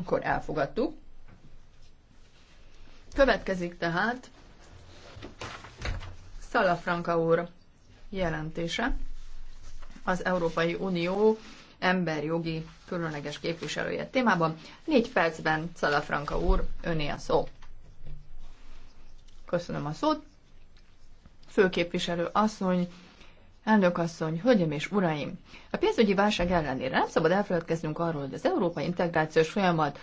Akkor elfogadtuk. Következik tehát Szalafranka úr jelentése az Európai Unió emberjogi különleges képviselője témában. Négy percben Szalafranka úr, öné a szó. Köszönöm a szót. Főképviselő asszony, Elnök asszony, hölgyeim és uraim! A pénzügyi válság ellenére nem szabad elfeledkeznünk arról, hogy az európai integrációs folyamat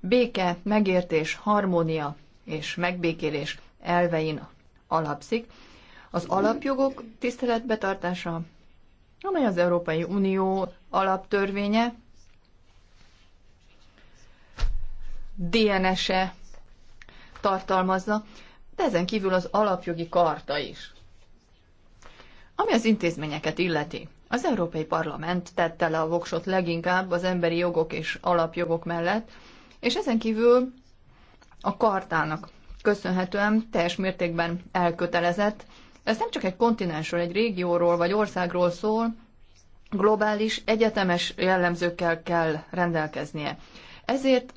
béke, megértés, harmónia és megbékélés elvein alapszik. Az alapjogok tiszteletbetartása, amely az Európai Unió alaptörvénye, DNS-e tartalmazza, de ezen kívül az alapjogi karta is. Ami az intézményeket illeti, az Európai Parlament tette le a voksot leginkább az emberi jogok és alapjogok mellett, és ezen kívül a kartának köszönhetően teljes mértékben elkötelezett. Ez nem csak egy kontinensről, egy régióról vagy országról szól, globális, egyetemes jellemzőkkel kell rendelkeznie. Ezért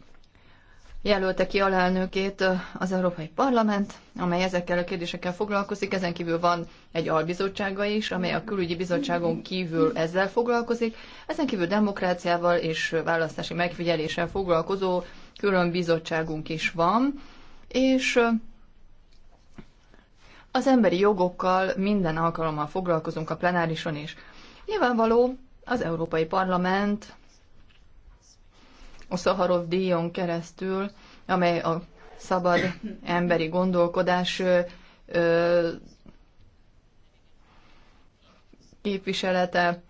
jelölte ki alelnökét az Európai Parlament, amely ezekkel a kérdésekkel foglalkozik. Ezen kívül van egy albizottsága is, amely a külügyi bizottságon kívül ezzel foglalkozik. Ezen kívül demokráciával és választási megfigyeléssel foglalkozó külön bizottságunk is van, és az emberi jogokkal minden alkalommal foglalkozunk a plenárison is. Nyilvánvaló, az Európai Parlament a Szaharov díjon keresztül, amely a szabad emberi gondolkodás képviselete,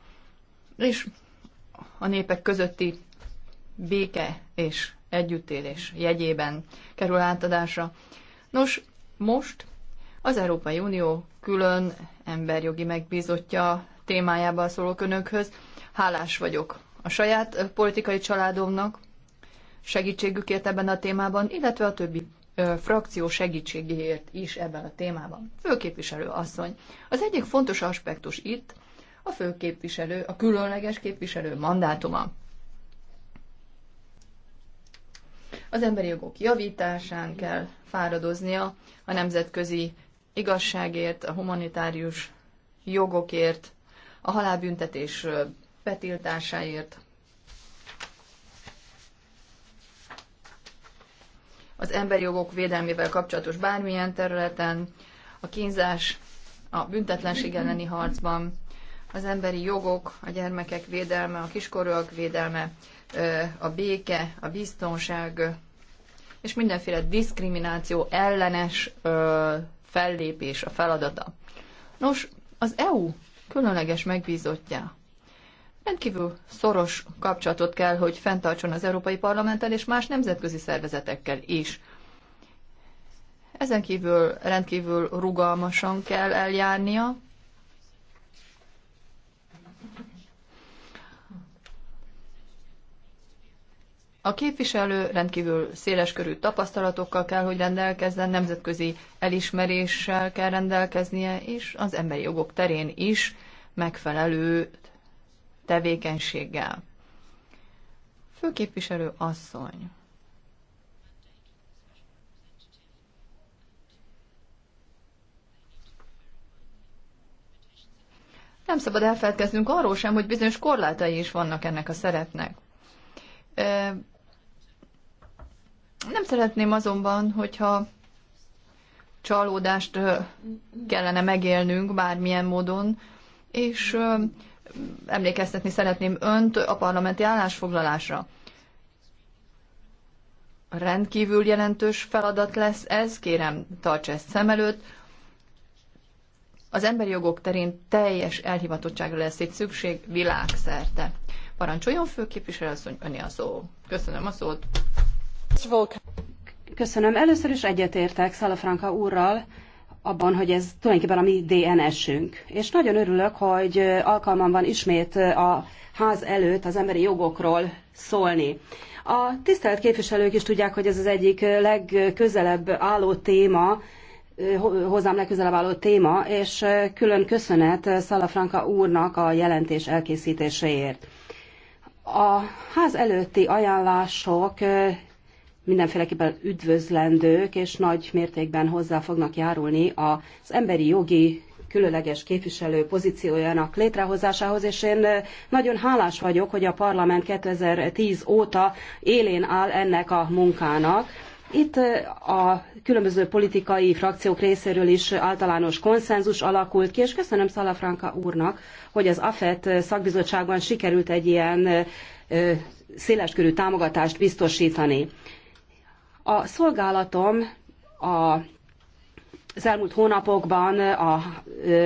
és a népek közötti béke és együttélés jegyében kerül átadásra. Nos, most az Európai Unió külön emberjogi megbízottja témájában szólok önökhöz. Hálás vagyok a saját politikai családomnak, segítségükért ebben a témában, illetve a többi frakció segítségéért is ebben a témában. Főképviselő asszony. Az egyik fontos aspektus itt a főképviselő, a különleges képviselő mandátuma. Az emberi jogok javításán kell fáradoznia a nemzetközi igazságért, a humanitárius jogokért, a halálbüntetés betiltásáért. az emberi jogok védelmével kapcsolatos bármilyen területen, a kínzás, a büntetlenség elleni harcban, az emberi jogok, a gyermekek védelme, a kiskorúak védelme, a béke, a biztonság, és mindenféle diszkrimináció ellenes fellépés a feladata. Nos, az EU különleges megbízottja rendkívül szoros kapcsolatot kell, hogy fenntartson az Európai Parlamenttel és más nemzetközi szervezetekkel is. Ezen kívül rendkívül rugalmasan kell eljárnia. A képviselő rendkívül széleskörű tapasztalatokkal kell, hogy rendelkezzen, nemzetközi elismeréssel kell rendelkeznie, és az emberi jogok terén is megfelelő tevékenységgel. Főképviselő asszony. Nem szabad elfelelkeznünk arról sem, hogy bizonyos korlátai is vannak ennek a szeretnek. Nem szeretném azonban, hogyha csalódást kellene megélnünk bármilyen módon, és emlékeztetni szeretném önt a parlamenti állásfoglalásra. Rendkívül jelentős feladat lesz ez, kérem, tarts ezt szem előtt. Az emberi jogok terén teljes elhivatottságra lesz itt szükség világszerte. Parancsoljon főképviselőasszony, öné a szó. Köszönöm a szót. Köszönöm. Először is egyetértek Szalafranka úrral, abban, hogy ez tulajdonképpen a mi DNS-ünk. És nagyon örülök, hogy alkalmam van ismét a ház előtt az emberi jogokról szólni. A tisztelt képviselők is tudják, hogy ez az egyik legközelebb álló téma, hozzám legközelebb álló téma, és külön köszönet Szalafranka úrnak a jelentés elkészítéséért. A ház előtti ajánlások mindenféleképpen üdvözlendők, és nagy mértékben hozzá fognak járulni az emberi jogi különleges képviselő pozíciójának létrehozásához, és én eh, nagyon hálás vagyok, hogy a parlament 2010 óta élén áll ennek a munkának. Itt eh, a különböző politikai frakciók részéről is általános konszenzus alakult ki, és köszönöm Szalafranka úrnak, hogy az AFET eh, szakbizottságban sikerült egy ilyen széleskörű támogatást biztosítani. A szolgálatom a az elmúlt hónapokban a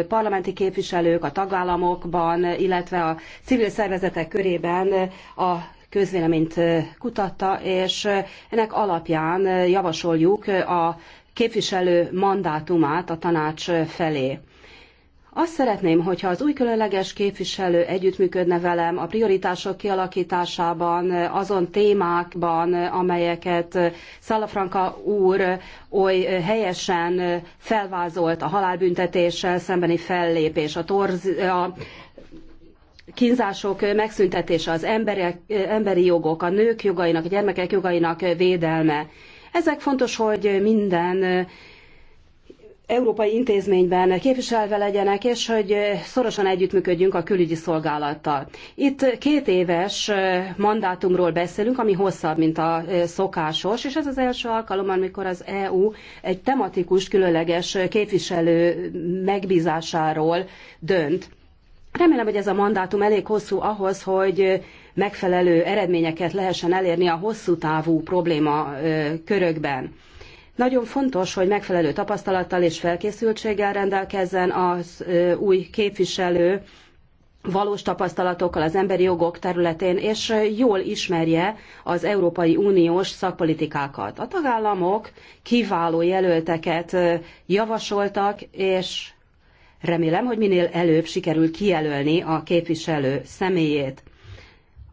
parlamenti képviselők a tagállamokban, illetve a civil szervezetek körében a közvéleményt kutatta, és ennek alapján javasoljuk a képviselő mandátumát a tanács felé. Azt szeretném, hogyha az új különleges képviselő együttműködne velem a prioritások kialakításában, azon témákban, amelyeket Szalafranka úr oly helyesen felvázolt a halálbüntetéssel szembeni fellépés, a, torz, a kínzások megszüntetése, az emberi, emberi jogok, a nők jogainak, a gyermekek jogainak védelme. Ezek fontos, hogy minden európai intézményben képviselve legyenek, és hogy szorosan együttműködjünk a külügyi szolgálattal. Itt két éves mandátumról beszélünk, ami hosszabb, mint a szokásos, és ez az első alkalom, amikor az EU egy tematikus, különleges képviselő megbízásáról dönt. Remélem, hogy ez a mandátum elég hosszú ahhoz, hogy megfelelő eredményeket lehessen elérni a hosszú távú probléma körökben. Nagyon fontos, hogy megfelelő tapasztalattal és felkészültséggel rendelkezzen az új képviselő, valós tapasztalatokkal az emberi jogok területén, és jól ismerje az Európai Uniós szakpolitikákat. A tagállamok kiváló jelölteket javasoltak, és remélem, hogy minél előbb sikerül kijelölni a képviselő személyét.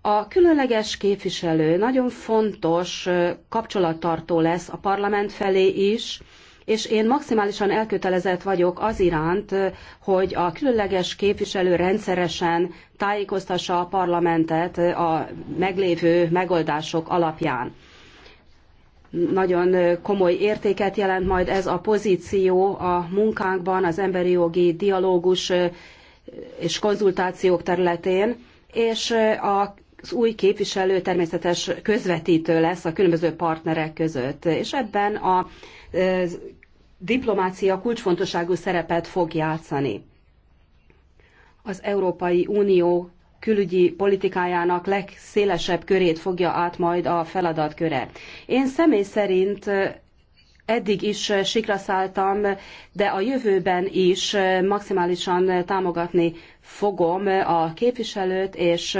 A különleges képviselő nagyon fontos kapcsolattartó lesz a parlament felé is, és én maximálisan elkötelezett vagyok az iránt, hogy a különleges képviselő rendszeresen tájékoztassa a parlamentet a meglévő megoldások alapján. Nagyon komoly értéket jelent majd ez a pozíció a munkánkban, az emberi jogi dialógus és konzultációk területén, és a az új képviselő természetes közvetítő lesz a különböző partnerek között, és ebben a e, diplomácia kulcsfontosságú szerepet fog játszani. Az Európai Unió külügyi politikájának legszélesebb körét fogja át majd a feladatköre. Én személy szerint eddig is sikra szálltam, de a jövőben is maximálisan támogatni fogom a képviselőt és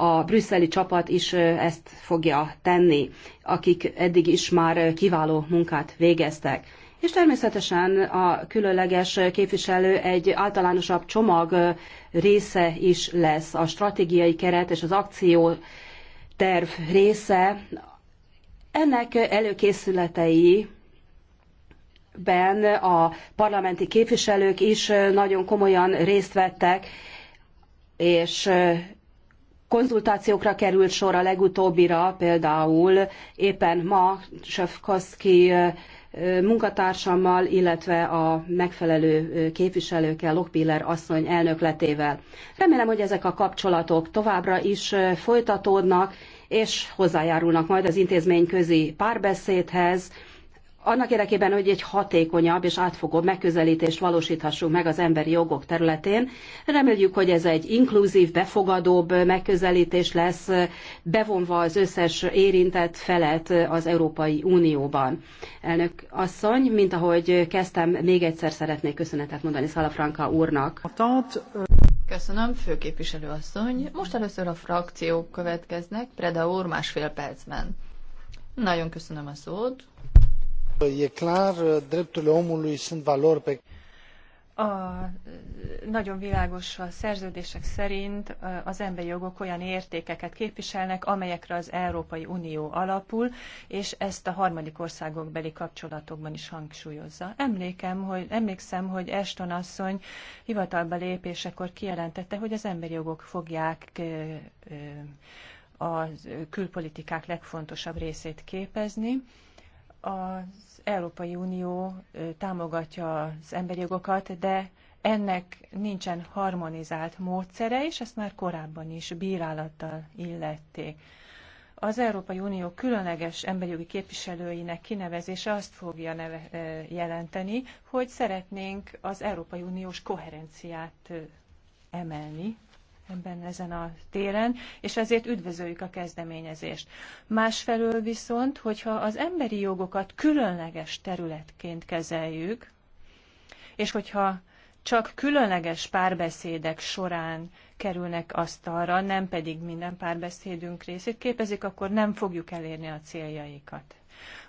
a brüsszeli csapat is ezt fogja tenni, akik eddig is már kiváló munkát végeztek. És természetesen a különleges képviselő egy általánosabb csomag része is lesz, a stratégiai keret és az akció terv része. Ennek előkészületei ben a parlamenti képviselők is nagyon komolyan részt vettek, és konzultációkra került sor a legutóbbira, például éppen ma Sefkoszki munkatársammal, illetve a megfelelő képviselőkkel, Lokbiller asszony elnökletével. Remélem, hogy ezek a kapcsolatok továbbra is folytatódnak, és hozzájárulnak majd az intézményközi párbeszédhez, annak érdekében, hogy egy hatékonyabb és átfogó megközelítést valósíthassunk meg az emberi jogok területén. Reméljük, hogy ez egy inkluzív, befogadóbb megközelítés lesz, bevonva az összes érintett felet az Európai Unióban. Elnök asszony, mint ahogy kezdtem, még egyszer szeretnék köszönetet mondani Szalafranka úrnak. Köszönöm, főképviselő asszony. Most először a frakciók következnek, Preda úr másfél percben. Nagyon köszönöm a szót. E nagyon világos a szerződések szerint e, az emberi jogok olyan értékeket képviselnek, amelyekre az Európai Unió alapul, és ezt a harmadik országok beli kapcsolatokban is hangsúlyozza. Emlékem, hogy, emlékszem, hogy Eston asszony hivatalba lépésekor kijelentette, hogy az emberi jogok fogják e, a külpolitikák legfontosabb részét képezni az Európai Unió támogatja az emberi jogokat, de ennek nincsen harmonizált módszere, és ezt már korábban is bírálattal illették. Az Európai Unió különleges emberi jogi képviselőinek kinevezése azt fogja neve, jelenteni, hogy szeretnénk az Európai Uniós koherenciát emelni ebben ezen a téren, és ezért üdvözöljük a kezdeményezést. Másfelől viszont, hogyha az emberi jogokat különleges területként kezeljük, és hogyha csak különleges párbeszédek során kerülnek asztalra, nem pedig minden párbeszédünk részét képezik, akkor nem fogjuk elérni a céljaikat.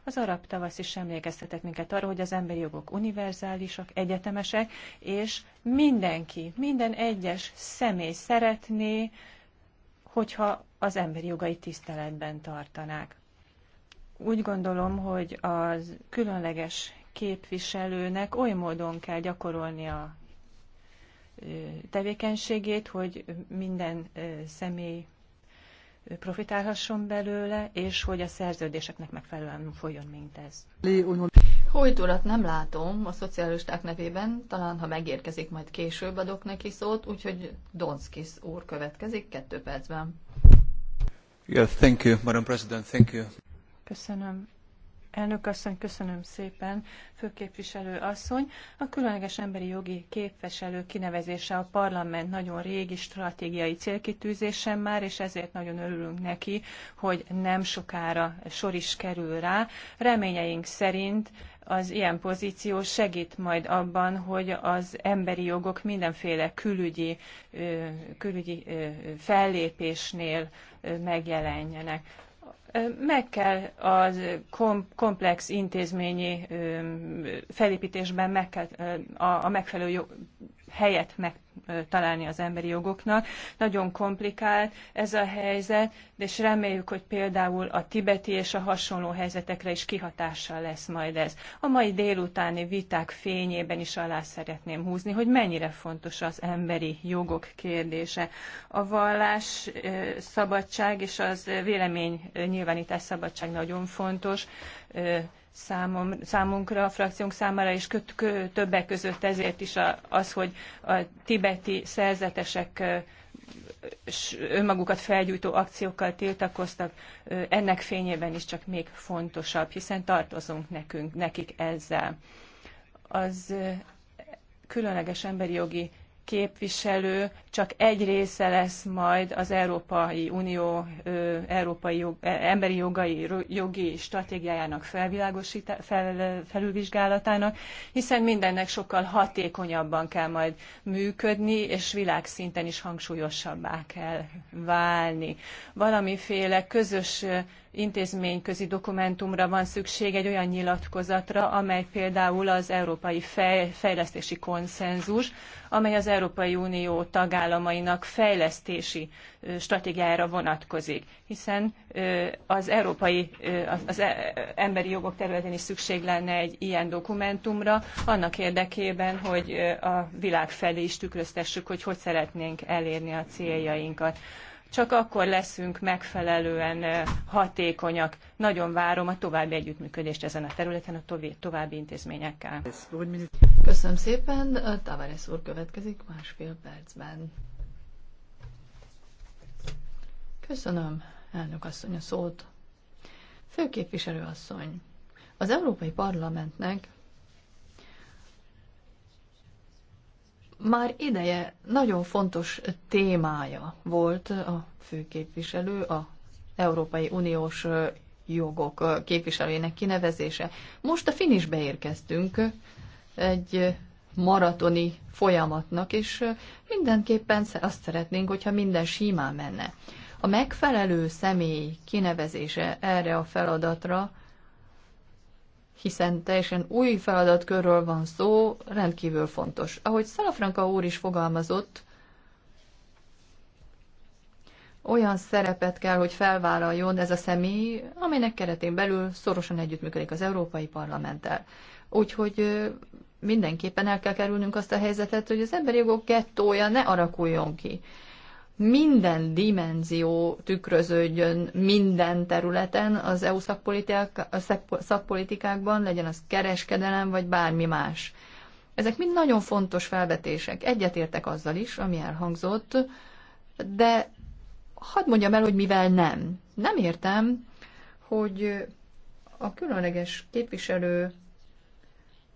Az arab tavasz is emlékeztetett minket arra, hogy az emberi jogok univerzálisak, egyetemesek, és mindenki, minden egyes személy szeretné, hogyha az emberi jogai tiszteletben tartanák. Úgy gondolom, hogy az különleges képviselőnek oly módon kell gyakorolni a tevékenységét, hogy minden személy profitálhasson belőle, és hogy a szerződéseknek megfelelően folyjon mindez. Hojtórat nem látom a szocialisták nevében, talán ha megérkezik, majd később adok neki szót, úgyhogy Donskis úr következik kettő percben. Yeah, thank you, Madam President, thank you. Köszönöm, Elnök asszony, köszönöm szépen, főképviselő asszony. A különleges emberi jogi képviselő kinevezése a parlament nagyon régi stratégiai célkitűzésen már, és ezért nagyon örülünk neki, hogy nem sokára sor is kerül rá. Reményeink szerint az ilyen pozíció segít majd abban, hogy az emberi jogok mindenféle külügyi, külügyi fellépésnél megjelenjenek. Meg kell a komplex intézményi felépítésben meg kell a megfelelő helyet megtalálni az emberi jogoknak. Nagyon komplikált ez a helyzet, és reméljük, hogy például a tibeti és a hasonló helyzetekre is kihatással lesz majd ez. A mai délutáni viták fényében is alá szeretném húzni, hogy mennyire fontos az emberi jogok kérdése. A vallás szabadság és az vélemény nyilvánítás szabadság nagyon fontos számom, számunkra, a frakciónk számára, és kö, kö, többek között ezért is a, az, hogy a tibeti szerzetesek önmagukat felgyújtó akciókkal tiltakoztak, ennek fényében is csak még fontosabb, hiszen tartozunk nekünk, nekik ezzel. Az különleges emberi jogi képviselő csak egy része lesz majd az Európai Unió európai jog, e, emberi jogai, jogi stratégiájának fel, felülvizsgálatának, hiszen mindennek sokkal hatékonyabban kell majd működni, és világszinten is hangsúlyosabbá kell válni. Valamiféle közös intézményközi dokumentumra van szükség, egy olyan nyilatkozatra, amely például az Európai Fejlesztési Konszenzus, amely az Európai Unió tagállamainak fejlesztési stratégiájára vonatkozik, hiszen az európai, az e, emberi jogok területén is szükség lenne egy ilyen dokumentumra, annak érdekében, hogy a világ felé is tükröztessük, hogy hogy szeretnénk elérni a céljainkat csak akkor leszünk megfelelően eh, hatékonyak. Nagyon várom a további együttműködést ezen a területen a további intézményekkel. Köszönöm szépen. Tavares úr következik másfél percben. Köszönöm, elnök asszony, a szót. Főképviselő asszony, az Európai Parlamentnek már ideje nagyon fontos témája volt a főképviselő, a Európai Uniós jogok képviselőjének kinevezése. Most a finisbe érkeztünk egy maratoni folyamatnak, és mindenképpen azt szeretnénk, hogyha minden simán menne. A megfelelő személy kinevezése erre a feladatra hiszen teljesen új feladatkörről van szó, rendkívül fontos. Ahogy Szalafranka úr is fogalmazott, olyan szerepet kell, hogy felvállaljon ez a személy, aminek keretén belül szorosan együttműködik az Európai Parlamenttel. Úgyhogy mindenképpen el kell kerülnünk azt a helyzetet, hogy az emberi jogok gettója ne arakuljon ki minden dimenzió tükröződjön minden területen az EU szakpolitikákban, legyen az kereskedelem vagy bármi más. Ezek mind nagyon fontos felvetések. Egyetértek azzal is, ami elhangzott, de hadd mondjam el, hogy mivel nem. Nem értem, hogy a különleges képviselő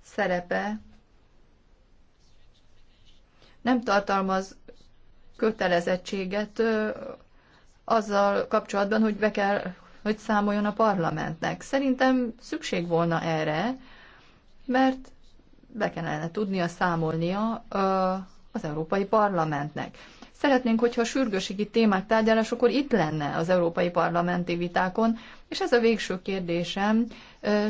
szerepe nem tartalmaz kötelezettséget azzal kapcsolatban, hogy be kell, hogy számoljon a parlamentnek. Szerintem szükség volna erre, mert be kellene tudnia számolnia az Európai Parlamentnek. Szeretnénk, hogyha a sürgőségi témák akkor itt lenne az Európai Parlamenti vitákon, és ez a végső kérdésem,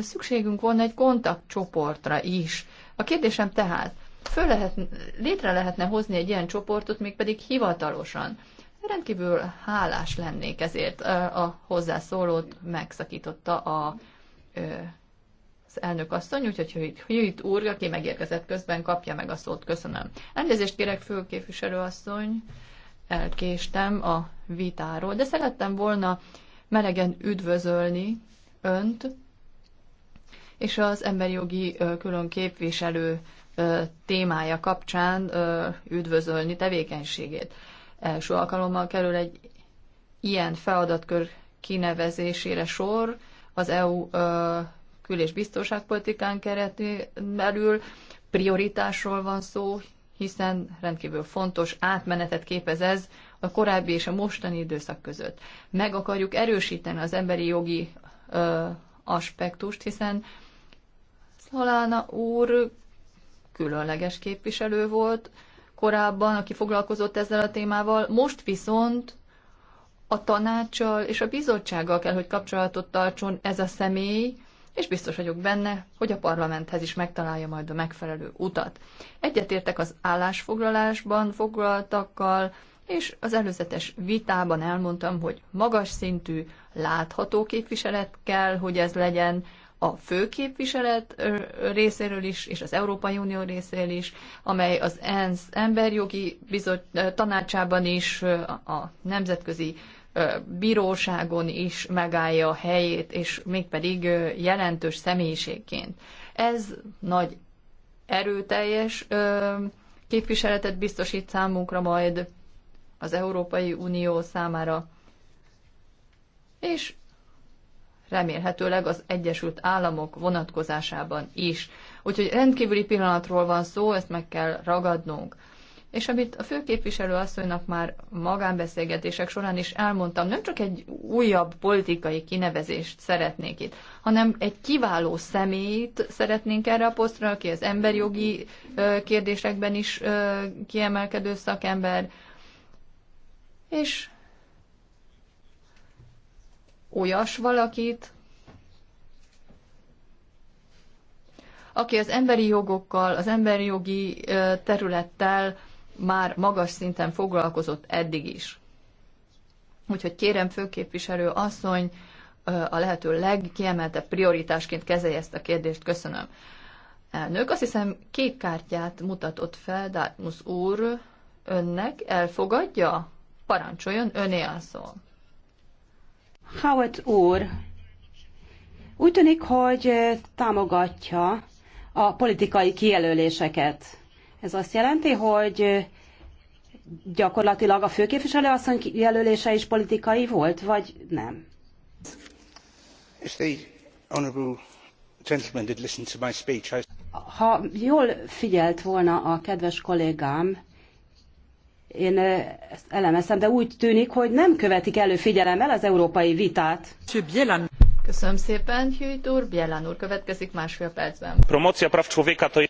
szükségünk volna egy kontaktcsoportra is. A kérdésem tehát, föl lehet, létre lehetne hozni egy ilyen csoportot, pedig hivatalosan. Rendkívül hálás lennék ezért. A hozzászólót megszakította a, az elnök asszony, úgyhogy Hülyt úr, aki megérkezett közben, kapja meg a szót. Köszönöm. Elnézést kérek, főképviselő asszony, elkéstem a vitáról, de szerettem volna melegen üdvözölni önt, és az emberi jogi külön képviselő témája kapcsán üdvözölni tevékenységét. Első alkalommal kerül egy ilyen feladatkör kinevezésére sor az EU kül- és biztonságpolitikán keretén belül. Prioritásról van szó, hiszen rendkívül fontos átmenetet képez ez a korábbi és a mostani időszak között. Meg akarjuk erősíteni az emberi jogi ö, aspektust, hiszen Szolána úr különleges képviselő volt korábban, aki foglalkozott ezzel a témával, most viszont a tanácssal és a bizottsággal kell, hogy kapcsolatot tartson ez a személy, és biztos vagyok benne, hogy a parlamenthez is megtalálja majd a megfelelő utat. Egyetértek az állásfoglalásban foglaltakkal, és az előzetes vitában elmondtam, hogy magas szintű, látható képviselet kell, hogy ez legyen, a főképviselet részéről is, és az Európai Unió részéről is, amely az ENSZ emberjogi bizot, tanácsában is, a nemzetközi bíróságon is megállja a helyét, és mégpedig jelentős személyiségként. Ez nagy erőteljes képviseletet biztosít számunkra majd az Európai Unió számára, és remélhetőleg az Egyesült Államok vonatkozásában is. Úgyhogy rendkívüli pillanatról van szó, ezt meg kell ragadnunk. És amit a főképviselő asszonynak már magánbeszélgetések során is elmondtam, nem csak egy újabb politikai kinevezést szeretnék itt, hanem egy kiváló személyt szeretnénk erre a posztra, aki az emberjogi kérdésekben is kiemelkedő szakember, és olyas valakit, aki az emberi jogokkal, az emberi jogi területtel már magas szinten foglalkozott eddig is. Úgyhogy kérem főképviselő asszony, a lehető legkiemeltebb prioritásként kezelje ezt a kérdést. Köszönöm. Elnök, azt hiszem kék kártyát mutatott fel Dátmusz úr önnek. Elfogadja? Parancsoljon, öné a szó. Howard úr úgy tűnik, hogy támogatja a politikai kijelöléseket. Ez azt jelenti, hogy gyakorlatilag a főképviselő asszony jelölése is politikai volt, vagy nem? Ha jól figyelt volna a kedves kollégám, én eh, ezt elemeztem, de úgy tűnik, hogy nem követik elő figyelemmel az európai vitát. Köszönöm szépen, Hűjt úr. Bielan úr következik másfél percben. Promócia prav człowieka to...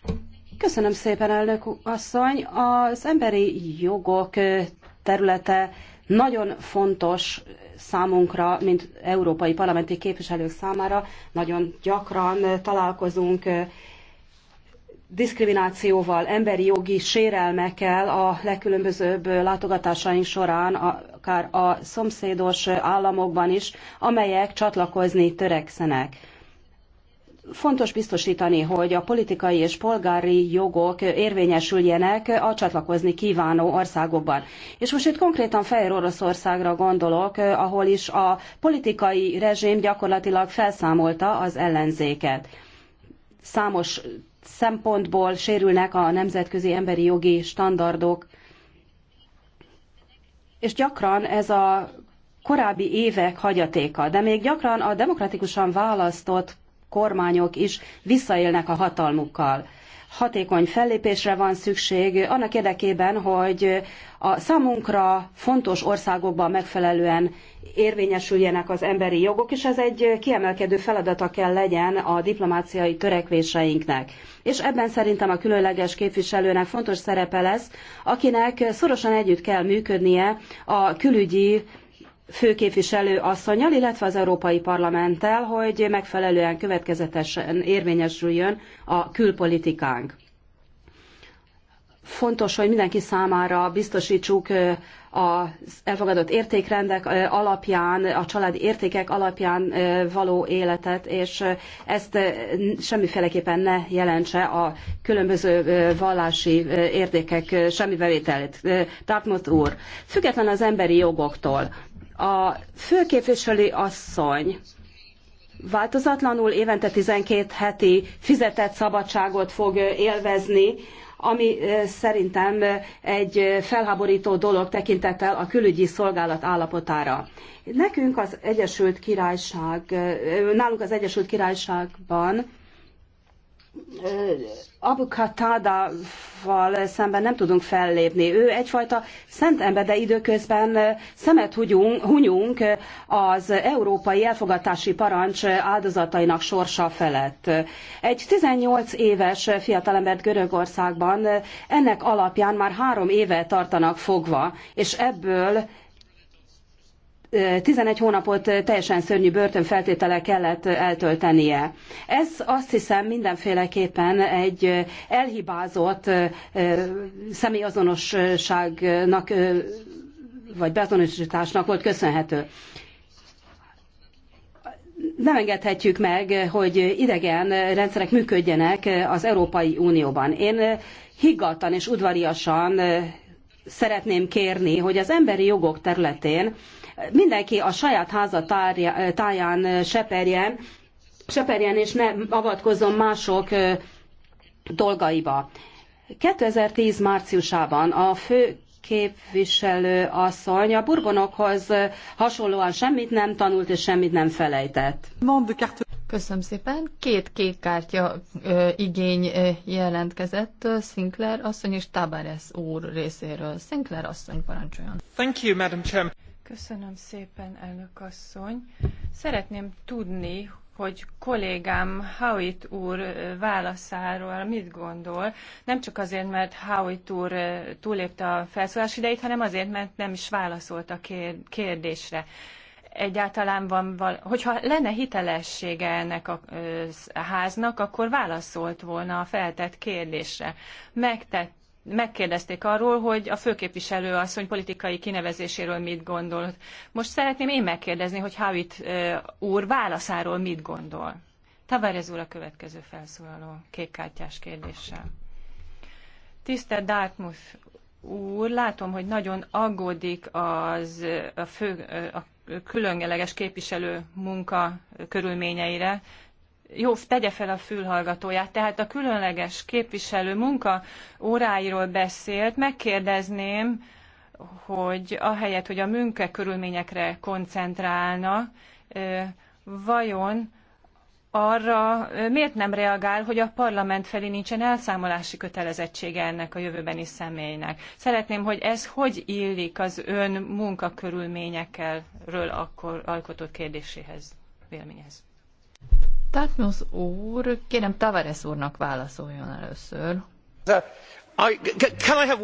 Köszönöm szépen, elnök asszony. Az emberi jogok eh, területe nagyon fontos számunkra, mint európai parlamenti képviselők számára. Nagyon gyakran eh, találkozunk diszkriminációval, emberi jogi sérelmekkel a legkülönbözőbb látogatásaink során, akár a szomszédos államokban is, amelyek csatlakozni törekszenek. Fontos biztosítani, hogy a politikai és polgári jogok érvényesüljenek a csatlakozni kívánó országokban. És most itt konkrétan Fehér Oroszországra gondolok, ahol is a politikai rezsim gyakorlatilag felszámolta az ellenzéket. Számos szempontból sérülnek a nemzetközi emberi jogi standardok, és gyakran ez a korábbi évek hagyatéka, de még gyakran a demokratikusan választott kormányok is visszaélnek a hatalmukkal hatékony fellépésre van szükség annak érdekében, hogy a számunkra fontos országokban megfelelően érvényesüljenek az emberi jogok, és ez egy kiemelkedő feladata kell legyen a diplomáciai törekvéseinknek. És ebben szerintem a különleges képviselőnek fontos szerepe lesz, akinek szorosan együtt kell működnie a külügyi főképviselő asszonyal, illetve az Európai Parlamenttel, hogy megfelelően következetesen érvényesüljön a külpolitikánk. Fontos, hogy mindenki számára biztosítsuk az elfogadott értékrendek alapján, a családi értékek alapján való életet, és ezt semmiféleképpen ne jelentse a különböző vallási értékek semmi bevételét. Dartmouth úr, független az emberi jogoktól, a főképviselő asszony változatlanul évente 12 heti fizetett szabadságot fog élvezni, ami szerintem egy felháborító dolog tekintettel a külügyi szolgálat állapotára. Nekünk az Egyesült Királyság, nálunk az Egyesült Királyságban Abukatádával szemben nem tudunk fellépni. Ő egyfajta szent ember, de időközben szemet hugyunk, hunyunk az európai elfogatási parancs áldozatainak sorsa felett. Egy 18 éves fiatalembert Görögországban ennek alapján már három éve tartanak fogva, és ebből 11 hónapot teljesen szörnyű börtönfeltételekkel kellett eltöltenie. Ez azt hiszem mindenféleképpen egy elhibázott személyazonosságnak vagy beazonosításnak volt köszönhető. Nem engedhetjük meg, hogy idegen rendszerek működjenek az Európai Unióban. Én higgadtan és udvariasan szeretném kérni, hogy az emberi jogok területén mindenki a saját háza táján seperjen, seperjen és ne avatkozzon mások dolgaiba. 2010 márciusában a fő képviselő asszony a burbonokhoz hasonlóan semmit nem tanult és semmit nem felejtett. Köszönöm szépen. Két kék kártya ö, igény ö, jelentkezett Sinclair asszony és Tabares úr részéről. Sinclair asszony parancsoljon. Thank you, Madam Chair. Köszönöm szépen, elnök asszony. Szeretném tudni, hogy kollégám Howitt úr válaszáról mit gondol. Nem csak azért, mert Howitt úr túlépte a felszólás idejét, hanem azért, mert nem is válaszolt a kérdésre egyáltalán van, val- hogyha lenne hitelessége ennek a háznak, akkor válaszolt volna a feltett kérdésre. Megtett megkérdezték arról, hogy a főképviselő asszony politikai kinevezéséről mit gondol. Most szeretném én megkérdezni, hogy Havit úr válaszáról mit gondol. Tavares úr a következő felszólaló kékkártyás kérdéssel. Tisztelt Dartmouth úr, látom, hogy nagyon aggódik az a, fő, a különleges képviselő munka körülményeire, jó, tegye fel a fülhallgatóját. Tehát a különleges képviselő munka óráiról beszélt, megkérdezném, hogy ahelyett, hogy a munka körülményekre koncentrálna, vajon arra miért nem reagál, hogy a parlament felé nincsen elszámolási kötelezettsége ennek a jövőbeni személynek. Szeretném, hogy ez hogy illik az ön munkakörülményekről akkor alkotott kérdéséhez, véleményhez. Tatmos úr, kérem Tavares úrnak válaszoljon először. Uh, I, can I have...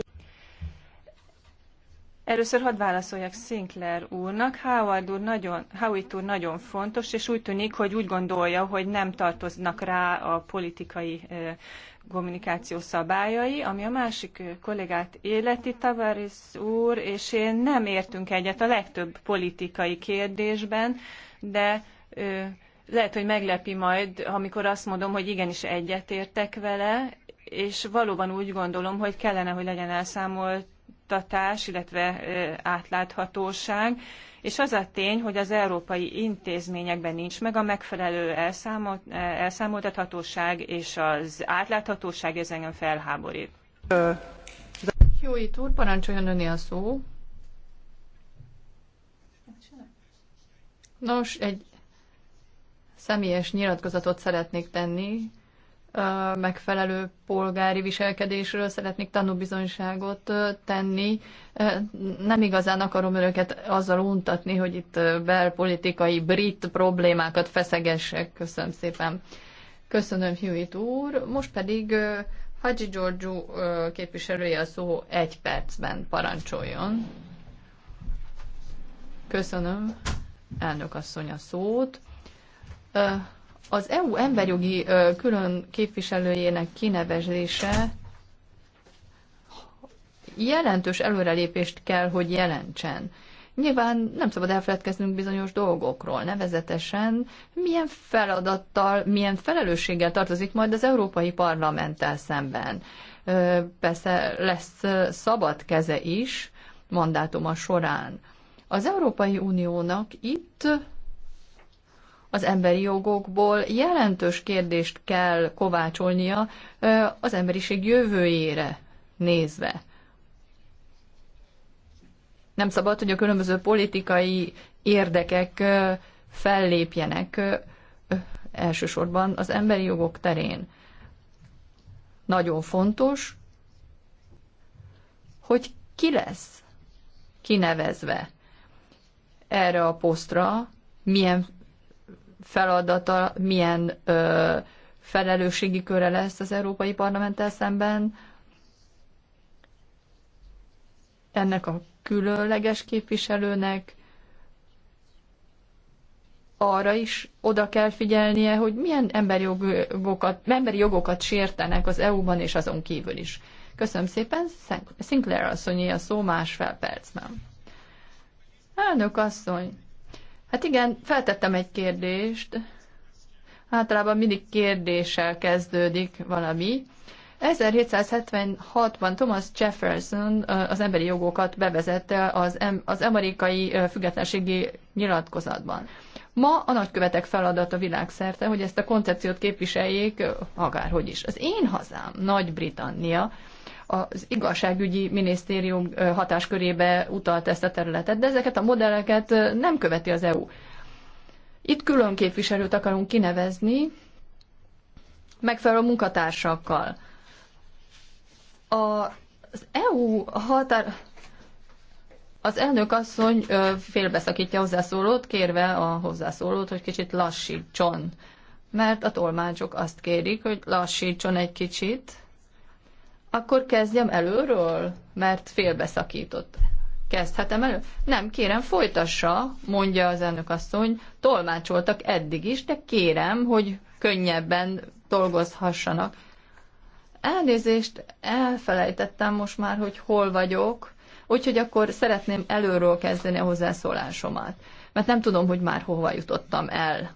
Először hadd válaszoljak Sinclair úrnak. Howard úr nagyon, Howitt úr nagyon fontos, és úgy tűnik, hogy úgy gondolja, hogy nem tartoznak rá a politikai kommunikáció szabályai, ami a másik kollégát életi Tavares úr, és én nem értünk egyet a legtöbb politikai kérdésben, de ö, lehet, hogy meglepi majd, amikor azt mondom, hogy igenis egyetértek vele, és valóban úgy gondolom, hogy kellene, hogy legyen elszámolt kiszámíttatás, illetve átláthatóság, és az a tény, hogy az európai intézményekben nincs meg a megfelelő elszámolt, elszámoltathatóság, és az átláthatóság ez engem felháborít. Jó itt úr, parancsoljon önni a szó. Nos, egy személyes nyilatkozatot szeretnék tenni megfelelő polgári viselkedésről szeretnék tanúbizonyságot tenni. Nem igazán akarom önöket azzal untatni, hogy itt belpolitikai brit problémákat feszegessek. Köszönöm szépen. Köszönöm, Hewitt úr. Most pedig Hadzsi Giorgio képviselője a szó egy percben parancsoljon. Köszönöm, elnök asszony a szót. Az EU emberjogi külön képviselőjének kinevezése jelentős előrelépést kell, hogy jelentsen. Nyilván nem szabad elfeledkeznünk bizonyos dolgokról, nevezetesen milyen feladattal, milyen felelősséggel tartozik majd az Európai Parlamenttel szemben. Persze lesz szabad keze is mandátuma során. Az Európai Uniónak itt az emberi jogokból jelentős kérdést kell kovácsolnia az emberiség jövőjére nézve. Nem szabad, hogy a különböző politikai érdekek fellépjenek elsősorban az emberi jogok terén. Nagyon fontos, hogy ki lesz kinevezve erre a posztra, milyen feladata, milyen ö, felelősségi köre lesz az Európai Parlamenttel szemben. Ennek a különleges képviselőnek arra is oda kell figyelnie, hogy milyen emberi jogokat, emberi jogokat sértenek az EU-ban és azon kívül is. Köszönöm szépen, Sinclair asszonyi a szó másfél percben. Elnök asszony, Hát igen, feltettem egy kérdést. Általában mindig kérdéssel kezdődik valami. 1776-ban Thomas Jefferson az emberi jogokat bevezette az, az amerikai függetlenségi nyilatkozatban. Ma a nagykövetek feladata világszerte, hogy ezt a koncepciót képviseljék, akárhogy is. Az én hazám, Nagy-Britannia, az igazságügyi minisztérium hatáskörébe utalt ezt a területet, de ezeket a modelleket nem követi az EU. Itt külön képviselőt akarunk kinevezni, megfelelő munkatársakkal. A, az EU határ... Az elnök asszony félbeszakítja a hozzászólót, kérve a hozzászólót, hogy kicsit lassítson. Mert a tolmácsok azt kérik, hogy lassítson egy kicsit. Akkor kezdjem előről, mert félbeszakított. Kezdhetem elő? Nem, kérem, folytassa, mondja az elnök asszony. Tolmácsoltak eddig is, de kérem, hogy könnyebben dolgozhassanak. Elnézést, elfelejtettem most már, hogy hol vagyok, úgyhogy akkor szeretném előről kezdeni a hozzászólásomat, mert nem tudom, hogy már hova jutottam el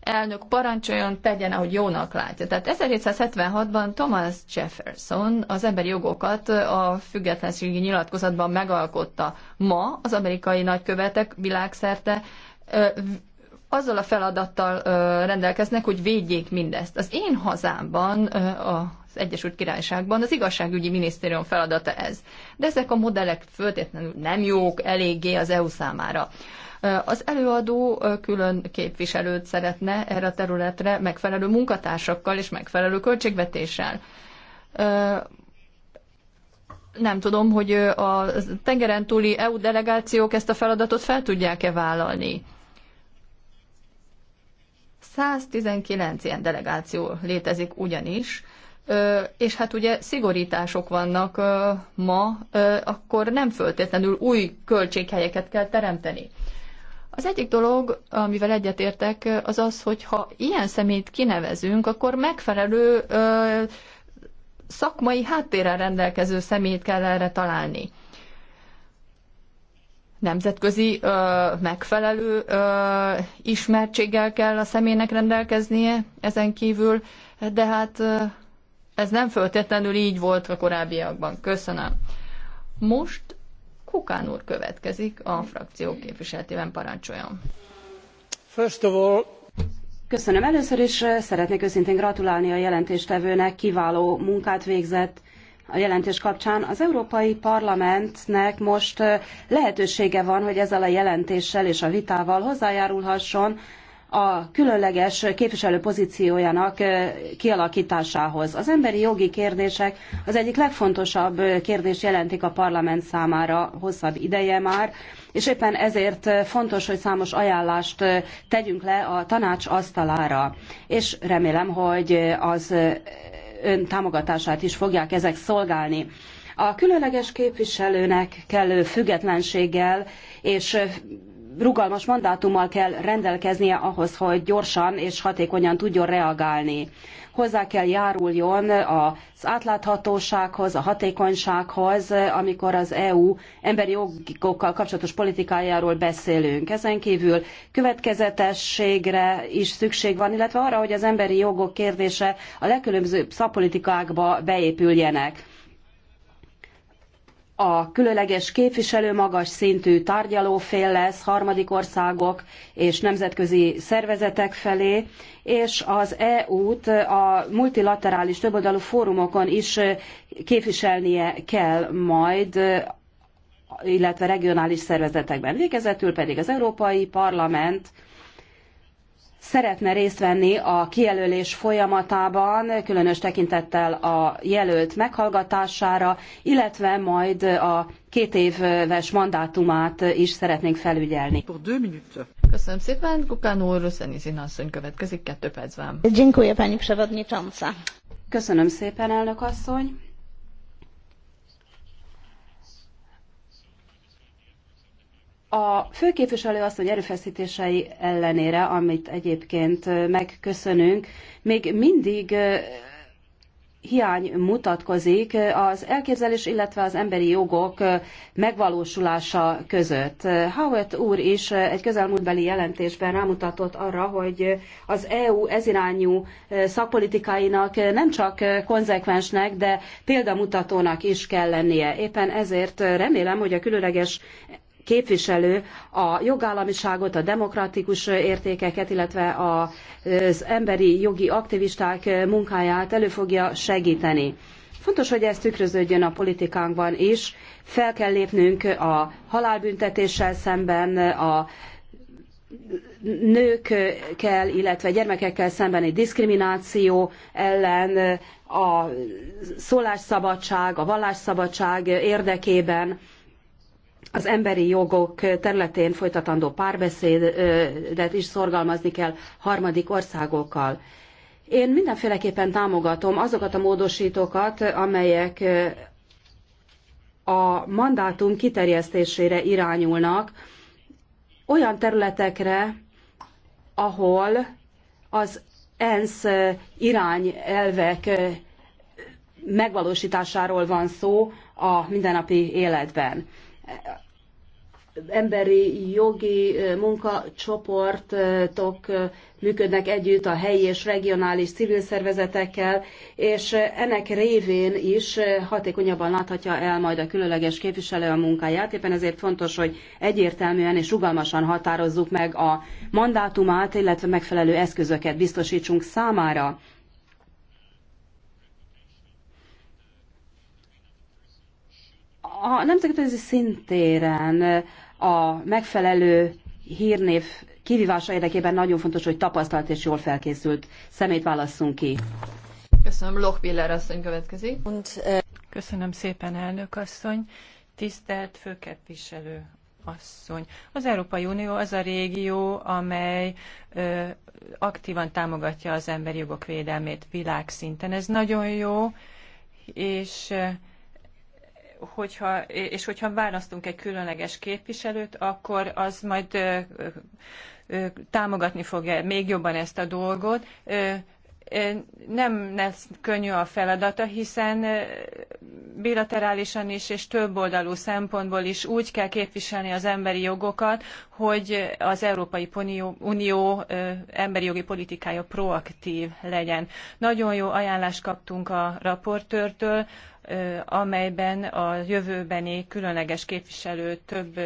elnök parancsoljon, tegyen, ahogy jónak látja. Tehát 1776-ban Thomas Jefferson az emberi jogokat a függetlenségi nyilatkozatban megalkotta. Ma az amerikai nagykövetek világszerte azzal a feladattal rendelkeznek, hogy védjék mindezt. Az én hazámban, az Egyesült Királyságban az igazságügyi minisztérium feladata ez. De ezek a modellek föltétlenül nem jók eléggé az EU számára. Az előadó külön képviselőt szeretne erre a területre megfelelő munkatársakkal és megfelelő költségvetéssel. Nem tudom, hogy a tengeren túli EU delegációk ezt a feladatot fel tudják-e vállalni. 119 ilyen delegáció létezik ugyanis, és hát ugye szigorítások vannak ma, akkor nem föltétlenül új költséghelyeket kell teremteni. Az egyik dolog, amivel egyetértek, az az, hogy ha ilyen szemét kinevezünk, akkor megfelelő ö, szakmai háttérrel rendelkező szemét kell erre találni. Nemzetközi ö, megfelelő ö, ismertséggel kell a személynek rendelkeznie ezen kívül, de hát ö, ez nem föltétlenül így volt a korábbiakban. Köszönöm. Most Kukán úr következik a frakció képviseletében, parancsoljon. First of all, Köszönöm. Először is eh, szeretnék őszintén gratulálni a jelentéstevőnek, kiváló munkát végzett a jelentés kapcsán. Az Európai Parlamentnek most eh, lehetősége van, hogy ezzel a jelentéssel és a vitával hozzájárulhasson a különleges képviselő pozíciójának kialakításához. Az emberi jogi kérdések az egyik legfontosabb kérdés jelentik a parlament számára hosszabb ideje már, és éppen ezért fontos, hogy számos ajánlást tegyünk le a tanács asztalára. És remélem, hogy az ön támogatását is fogják ezek szolgálni. A különleges képviselőnek kellő függetlenséggel és rugalmas mandátummal kell rendelkeznie ahhoz, hogy gyorsan és hatékonyan tudjon reagálni. Hozzá kell járuljon az átláthatósághoz, a hatékonysághoz, amikor az EU emberi jogokkal kapcsolatos politikájáról beszélünk. Ezen kívül következetességre is szükség van, illetve arra, hogy az emberi jogok kérdése a legkülönbözőbb szakpolitikákba beépüljenek a különleges képviselő magas szintű tárgyalófél lesz harmadik országok és nemzetközi szervezetek felé, és az EU-t a multilaterális többoldalú fórumokon is képviselnie kell majd illetve regionális szervezetekben. Végezetül pedig az Európai Parlament szeretne részt venni a kijelölés folyamatában, különös tekintettel a jelölt meghallgatására, illetve majd a két éves mandátumát is szeretnénk felügyelni. Köszönöm szépen, Kukán úr, Szenizin asszony következik, kettő percben. Köszönöm szépen, elnök asszony. A főképviselő azt, hogy erőfeszítései ellenére, amit egyébként megköszönünk, még mindig hiány mutatkozik az elképzelés, illetve az emberi jogok megvalósulása között. Howard úr is egy közelmúltbeli jelentésben rámutatott arra, hogy az EU ezirányú szakpolitikáinak nem csak konzekvensnek, de példamutatónak is kell lennie. Éppen ezért remélem, hogy a különleges képviselő a jogállamiságot, a demokratikus értékeket, illetve az emberi jogi aktivisták munkáját elő fogja segíteni. Fontos, hogy ez tükröződjön a politikánkban is. Fel kell lépnünk a halálbüntetéssel szemben, a nőkkel, illetve gyermekekkel szembeni diszkrimináció ellen, a szólásszabadság, a vallásszabadság érdekében az emberi jogok területén folytatandó párbeszédet is szorgalmazni kell harmadik országokkal. Én mindenféleképpen támogatom azokat a módosítókat, amelyek a mandátum kiterjesztésére irányulnak olyan területekre, ahol az ENSZ irányelvek megvalósításáról van szó a mindennapi életben emberi jogi munkacsoportok működnek együtt a helyi és regionális civil szervezetekkel, és ennek révén is hatékonyabban láthatja el majd a különleges képviselő a munkáját. Éppen ezért fontos, hogy egyértelműen és rugalmasan határozzuk meg a mandátumát, illetve megfelelő eszközöket biztosítsunk számára. A nemzetközi szintéren a megfelelő hírnév kivívása érdekében nagyon fontos, hogy tapasztalt és jól felkészült szemét válasszunk ki. Köszönöm, Lochbiller asszony következik. Köszönöm szépen, elnök asszony. Tisztelt főképviselő asszony. Az Európai Unió az a régió, amely ö, aktívan támogatja az emberi jogok védelmét világszinten. Ez nagyon jó, és ö, hogyha, és hogyha választunk egy különleges képviselőt, akkor az majd támogatni fogja még jobban ezt a dolgot. Nem lesz könnyű a feladata, hiszen bilaterálisan is és több oldalú szempontból is úgy kell képviselni az emberi jogokat, hogy az Európai Unió emberi jogi politikája proaktív legyen. Nagyon jó ajánlást kaptunk a raportőrtől, amelyben a jövőbeni különleges képviselő több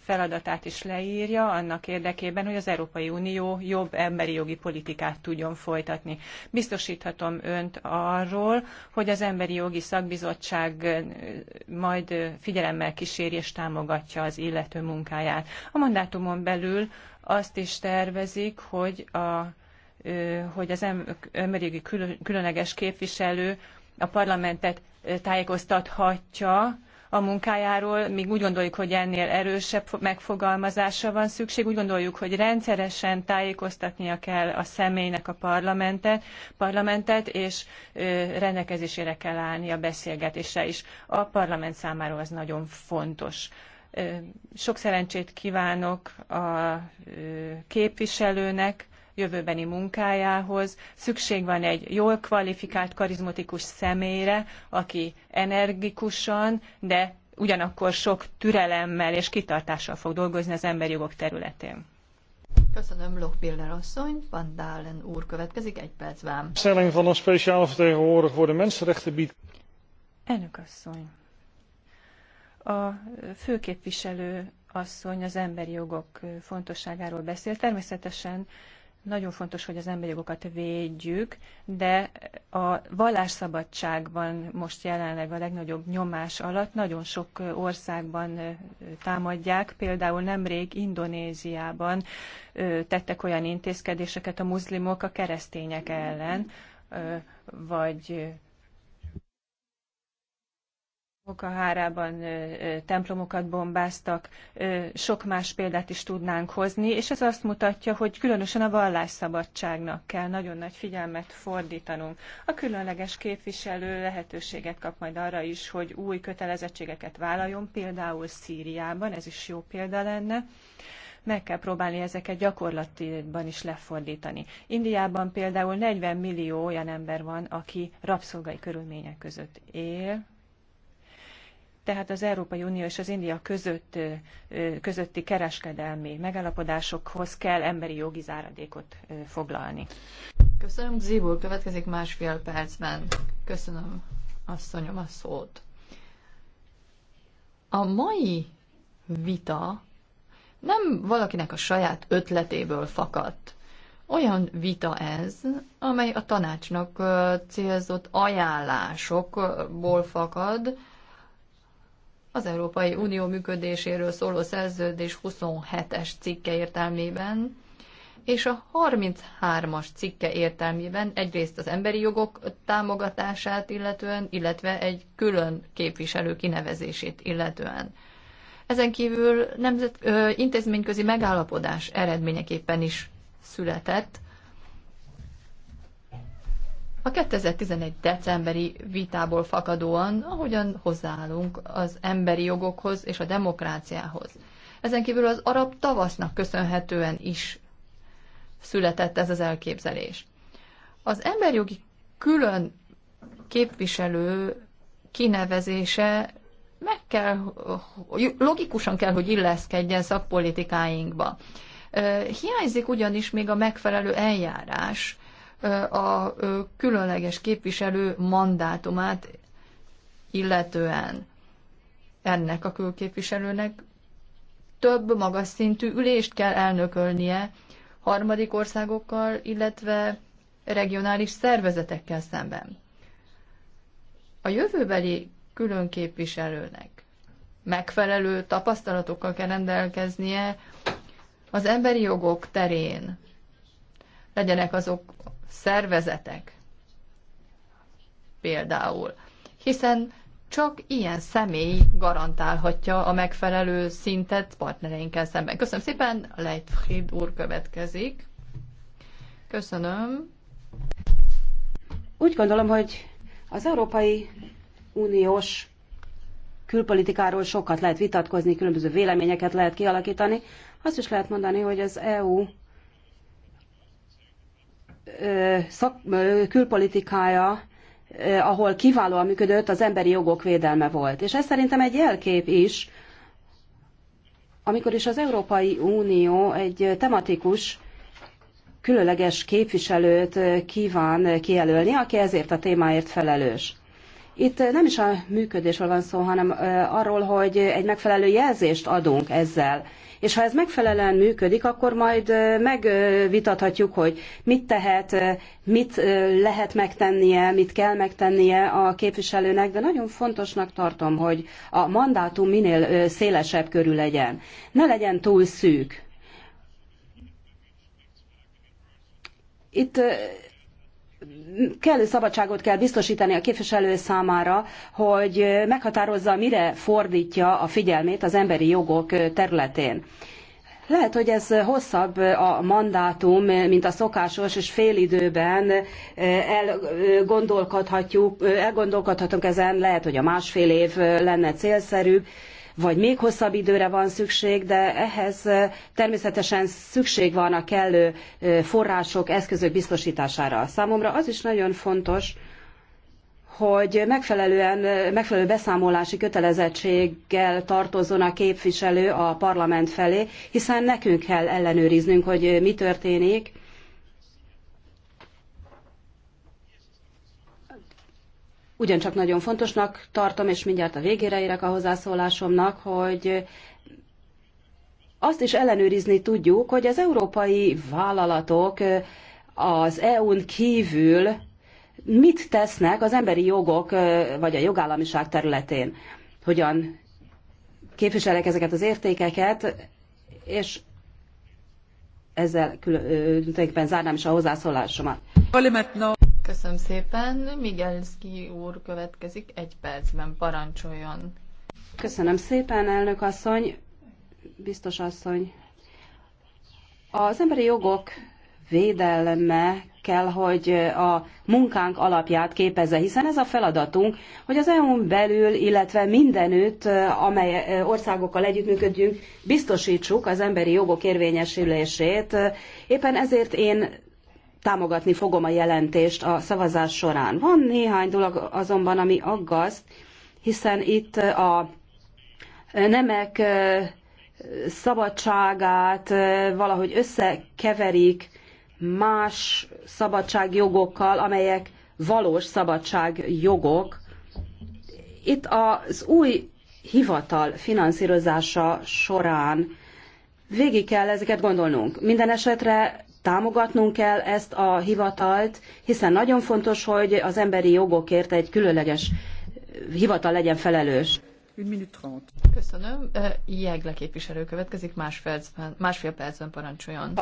feladatát is leírja annak érdekében, hogy az Európai Unió jobb emberi jogi politikát tudjon folytatni. Biztosíthatom önt arról, hogy az Emberi Jogi Szakbizottság majd figyelemmel kíséri és támogatja az illető munkáját. A mandátumon belül azt is tervezik, hogy, a, hogy az emberi jogi különleges képviselő a parlamentet tájékoztathatja a munkájáról, míg úgy gondoljuk, hogy ennél erősebb megfogalmazásra van szükség, úgy gondoljuk, hogy rendszeresen tájékoztatnia kell a személynek a parlamentet, parlamentet és rendelkezésére kell állni a beszélgetésre is. A parlament számára az nagyon fontos. Sok szerencsét kívánok a képviselőnek, jövőbeni munkájához. Szükség van egy jól kvalifikált, karizmatikus személyre, aki energikusan, de ugyanakkor sok türelemmel és kitartással fog dolgozni az emberi jogok területén. Köszönöm, Pilner asszony. Van Dalen úr következik egy percben. Stelling van a speciális vertegenwoordig voor de mensenrechten biedt. Elnök asszony. A főképviselő asszony az emberi jogok fontosságáról beszél. Természetesen nagyon fontos, hogy az emberi jogokat védjük, de a vallásszabadságban most jelenleg a legnagyobb nyomás alatt nagyon sok országban támadják. Például nemrég Indonéziában tettek olyan intézkedéseket a muszlimok a keresztények ellen, vagy Munkahárában templomokat bombáztak, sok más példát is tudnánk hozni, és ez azt mutatja, hogy különösen a vallásszabadságnak kell nagyon nagy figyelmet fordítanunk. A különleges képviselő lehetőséget kap majd arra is, hogy új kötelezettségeket vállaljon, például Szíriában, ez is jó példa lenne meg kell próbálni ezeket gyakorlatban is lefordítani. Indiában például 40 millió olyan ember van, aki rabszolgai körülmények között él, tehát az Európai Unió és az India között, közötti kereskedelmi megállapodásokhoz kell emberi jogi záradékot foglalni. Köszönöm, Zibul, következik másfél percben. Köszönöm, asszonyom, a szót. A mai vita nem valakinek a saját ötletéből fakadt. Olyan vita ez, amely a tanácsnak célzott ajánlásokból fakad, az Európai Unió működéséről szóló szerződés 27-es cikke értelmében, és a 33-as cikke értelmében egyrészt az emberi jogok támogatását illetően, illetve egy külön képviselő kinevezését illetően. Ezen kívül nemzet, ö, intézményközi megállapodás eredményeképpen is született a 2011. decemberi vitából fakadóan, ahogyan hozzáállunk az emberi jogokhoz és a demokráciához. Ezen kívül az arab tavasznak köszönhetően is született ez az elképzelés. Az emberjogi külön képviselő kinevezése meg kell, logikusan kell, hogy illeszkedjen szakpolitikáinkba. Hiányzik ugyanis még a megfelelő eljárás, a különleges képviselő mandátumát illetően ennek a külképviselőnek több magas szintű ülést kell elnökölnie harmadik országokkal, illetve regionális szervezetekkel szemben. A jövőbeli külön képviselőnek megfelelő tapasztalatokkal kell rendelkeznie az emberi jogok terén. Legyenek azok szervezetek például, hiszen csak ilyen személy garantálhatja a megfelelő szintet partnereinkkel szemben. Köszönöm szépen, Leitfried úr következik. Köszönöm. Úgy gondolom, hogy az Európai Uniós külpolitikáról sokat lehet vitatkozni, különböző véleményeket lehet kialakítani. Azt is lehet mondani, hogy az EU szak, külpolitikája, ahol kiválóan működött, az emberi jogok védelme volt. És ez szerintem egy jelkép is, amikor is az Európai Unió egy tematikus, különleges képviselőt kíván kijelölni, aki ezért a témáért felelős. Itt nem is a működésről van szó, hanem arról, hogy egy megfelelő jelzést adunk ezzel. És ha ez megfelelően működik, akkor majd megvitathatjuk, hogy mit tehet, mit lehet megtennie, mit kell megtennie a képviselőnek, de nagyon fontosnak tartom, hogy a mandátum minél szélesebb körül legyen. Ne legyen túl szűk. Itt kellő szabadságot kell biztosítani a képviselő számára, hogy meghatározza, mire fordítja a figyelmét az emberi jogok területén. Lehet, hogy ez hosszabb a mandátum, mint a szokásos, és félidőben eh, elgondolkodhatjuk, eh, elgondolkodhatunk ezen, lehet, hogy a másfél év lenne célszerűbb, vagy még hosszabb időre van szükség, de ehhez természetesen szükség van a kellő források, eszközök biztosítására. Számomra az is nagyon fontos, hogy megfelelően, megfelelő beszámolási kötelezettséggel tartozzon a képviselő a parlament felé, hiszen nekünk kell ellenőriznünk, hogy mi történik, ugyancsak nagyon fontosnak tartom, és mindjárt a végére érek a hozzászólásomnak, hogy azt is ellenőrizni tudjuk, hogy az európai vállalatok az EU-n kívül mit tesznek az emberi jogok vagy a jogállamiság területén, hogyan képviselek ezeket az értékeket, és ezzel különben zárnám is a hozzászólásomat. Köszönöm szépen. Migelszki úr következik egy percben. Parancsoljon. Köszönöm szépen, elnök asszony, biztos asszony. Az emberi jogok védelme kell, hogy a munkánk alapját képezze, hiszen ez a feladatunk, hogy az EU-n belül, illetve mindenütt, amely országokkal együttműködjünk, biztosítsuk az emberi jogok érvényesülését. Éppen ezért én támogatni fogom a jelentést a szavazás során. Van néhány dolog azonban, ami aggaszt, hiszen itt a nemek szabadságát valahogy összekeverik más szabadságjogokkal, amelyek valós szabadságjogok. Itt az új hivatal finanszírozása során végig kell ezeket gondolnunk. Minden esetre támogatnunk kell ezt a hivatalt, hiszen nagyon fontos, hogy az emberi jogokért egy különleges hivatal legyen felelős. Köszönöm. Eh, Jegle képviselő következik, másfél, másfél percben parancsoljon.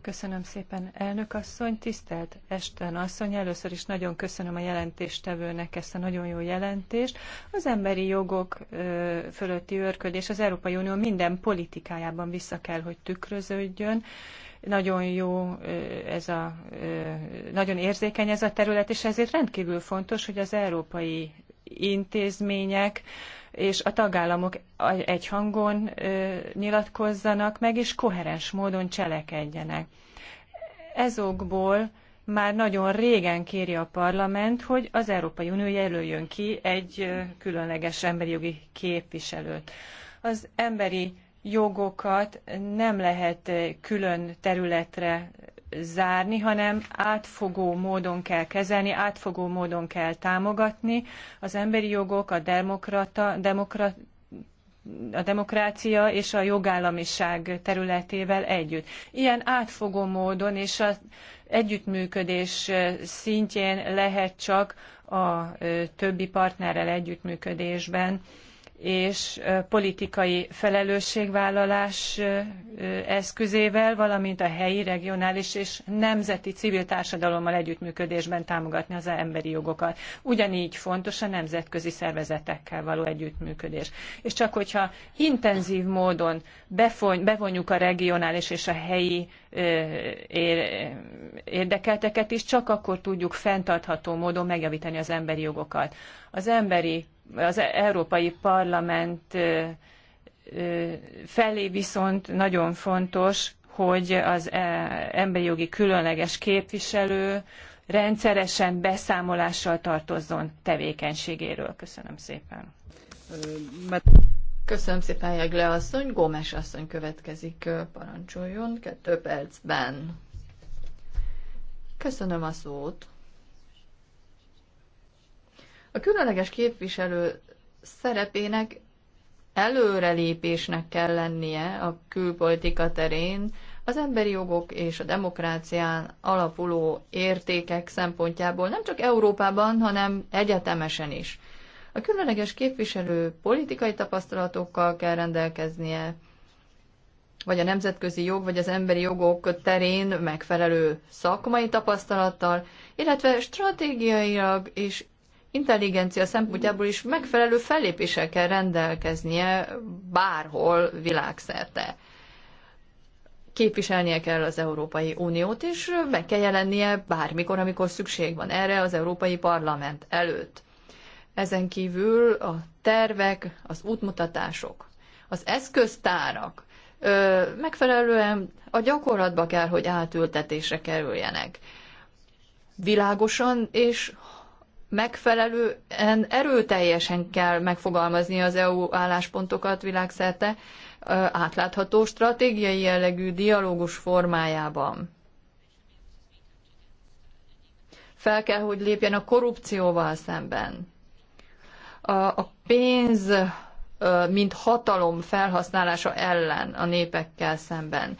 Köszönöm szépen, elnök asszony, tisztelt Esten asszony. Először is nagyon köszönöm a jelentéstevőnek ezt a nagyon jó jelentést. Az emberi jogok eh, fölötti őrködés az Európai Unió minden politikájában vissza kell, hogy tükröződjön nagyon jó ez a, nagyon érzékeny ez a terület, és ezért rendkívül fontos, hogy az európai intézmények és a tagállamok egy hangon nyilatkozzanak meg, és koherens módon cselekedjenek. Ezokból már nagyon régen kéri a parlament, hogy az Európai Unió jelöljön ki egy különleges emberi jogi képviselőt. Az emberi jogokat nem lehet külön területre zárni, hanem átfogó módon kell kezelni, átfogó módon kell támogatni. Az emberi jogok, a demokrata, demokra, a demokrácia és a jogállamiság területével együtt. Ilyen átfogó módon és az együttműködés szintjén lehet csak a többi partnerrel együttműködésben és politikai felelősségvállalás eszközével, valamint a helyi, regionális és nemzeti civil társadalommal együttműködésben támogatni az emberi jogokat. Ugyanígy fontos a nemzetközi szervezetekkel való együttműködés. És csak hogyha intenzív módon bevonjuk a regionális és a helyi érdekelteket is, csak akkor tudjuk fenntartható módon megjavítani az emberi jogokat. Az emberi az Európai Parlament felé viszont nagyon fontos, hogy az e, emberi jogi különleges képviselő rendszeresen beszámolással tartozzon tevékenységéről. Köszönöm szépen. Köszönöm szépen, Jegle asszony. Gómez asszony következik, parancsoljon kettő percben. Köszönöm a szót. A különleges képviselő szerepének előrelépésnek kell lennie a külpolitika terén, az emberi jogok és a demokrácián alapuló értékek szempontjából nem csak Európában, hanem egyetemesen is. A különleges képviselő politikai tapasztalatokkal kell rendelkeznie, vagy a nemzetközi jog, vagy az emberi jogok terén megfelelő szakmai tapasztalattal, illetve stratégiailag és intelligencia szempontjából is megfelelő fellépéssel kell rendelkeznie bárhol világszerte. Képviselnie kell az Európai Uniót, és meg kell jelennie bármikor, amikor szükség van erre az Európai Parlament előtt. Ezen kívül a tervek, az útmutatások, az eszköztárak ö, megfelelően a gyakorlatba kell, hogy átültetésre kerüljenek. Világosan és megfelelően erőteljesen kell megfogalmazni az EU álláspontokat világszerte átlátható stratégiai jellegű dialógus formájában. Fel kell, hogy lépjen a korrupcióval szemben. A pénz mint hatalom felhasználása ellen a népekkel szemben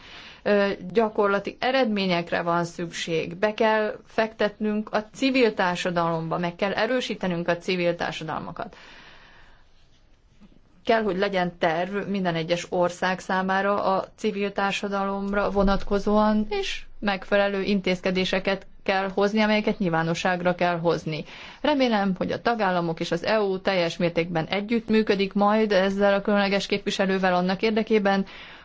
gyakorlati eredményekre van szükség. Be kell fektetnünk a civil társadalomba, meg kell erősítenünk a civil társadalmakat. Kell, hogy legyen terv minden egyes ország számára a civil társadalomra vonatkozóan, és megfelelő intézkedéseket kell hozni, amelyeket nyilvánosságra kell hozni. Remélem, hogy a tagállamok és az EU teljes mértékben együttműködik majd ezzel a különleges képviselővel annak érdekében,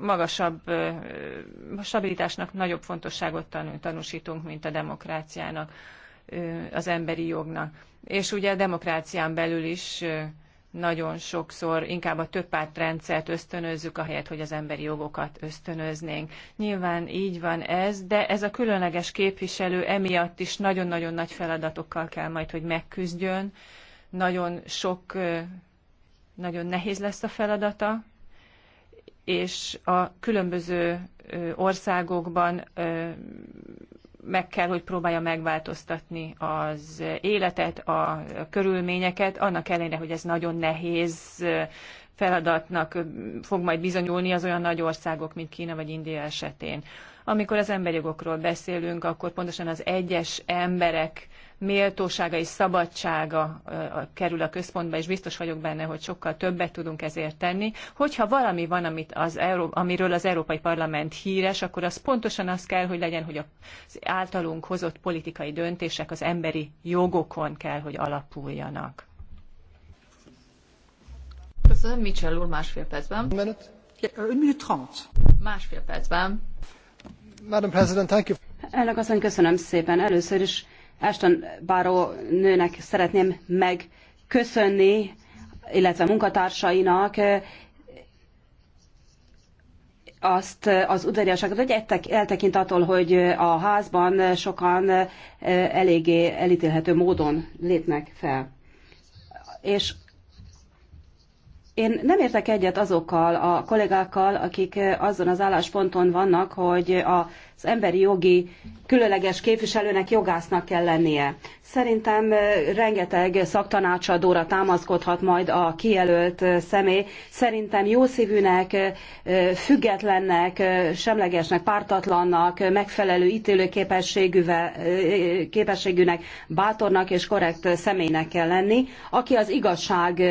magasabb stabilitásnak nagyobb fontosságot tanúsítunk, mint a demokráciának, az emberi jognak. És ugye a demokrácián belül is nagyon sokszor inkább a többpártrendszert ösztönözzük, ahelyett, hogy az emberi jogokat ösztönöznénk. Nyilván így van ez, de ez a különleges képviselő emiatt is nagyon-nagyon nagy feladatokkal kell majd, hogy megküzdjön. Nagyon sok, nagyon nehéz lesz a feladata, és a különböző országokban meg kell, hogy próbálja megváltoztatni az életet, a körülményeket, annak ellenére, hogy ez nagyon nehéz feladatnak fog majd bizonyulni az olyan nagy országok, mint Kína vagy India esetén. Amikor az emberjogokról beszélünk, akkor pontosan az egyes emberek méltósága és szabadsága kerül a központba, és biztos vagyok benne, hogy sokkal többet tudunk ezért tenni. Hogyha valami van, amit az Euró- amiről az Európai Parlament híres, akkor az pontosan az kell, hogy legyen, hogy az általunk hozott politikai döntések az emberi jogokon kell, hogy alapuljanak. Köszönöm, Mitchell úr, másfél percben. másfél percben. Madam President, thank you. Elnök asszony, köszönöm szépen. Először is Ashton Báró nőnek szeretném megköszönni, illetve munkatársainak azt az udvariasságot, hogy ettek, eltekint attól, hogy a házban sokan eléggé elítélhető módon lépnek fel. És én nem értek egyet azokkal a kollégákkal, akik azon az állásponton vannak, hogy az emberi jogi különleges képviselőnek jogásznak kell lennie. Szerintem rengeteg szaktanácsadóra támaszkodhat majd a kijelölt személy. Szerintem jó szívűnek, függetlennek, semlegesnek, pártatlannak, megfelelő képességűnek, bátornak és korrekt személynek kell lenni, aki az igazság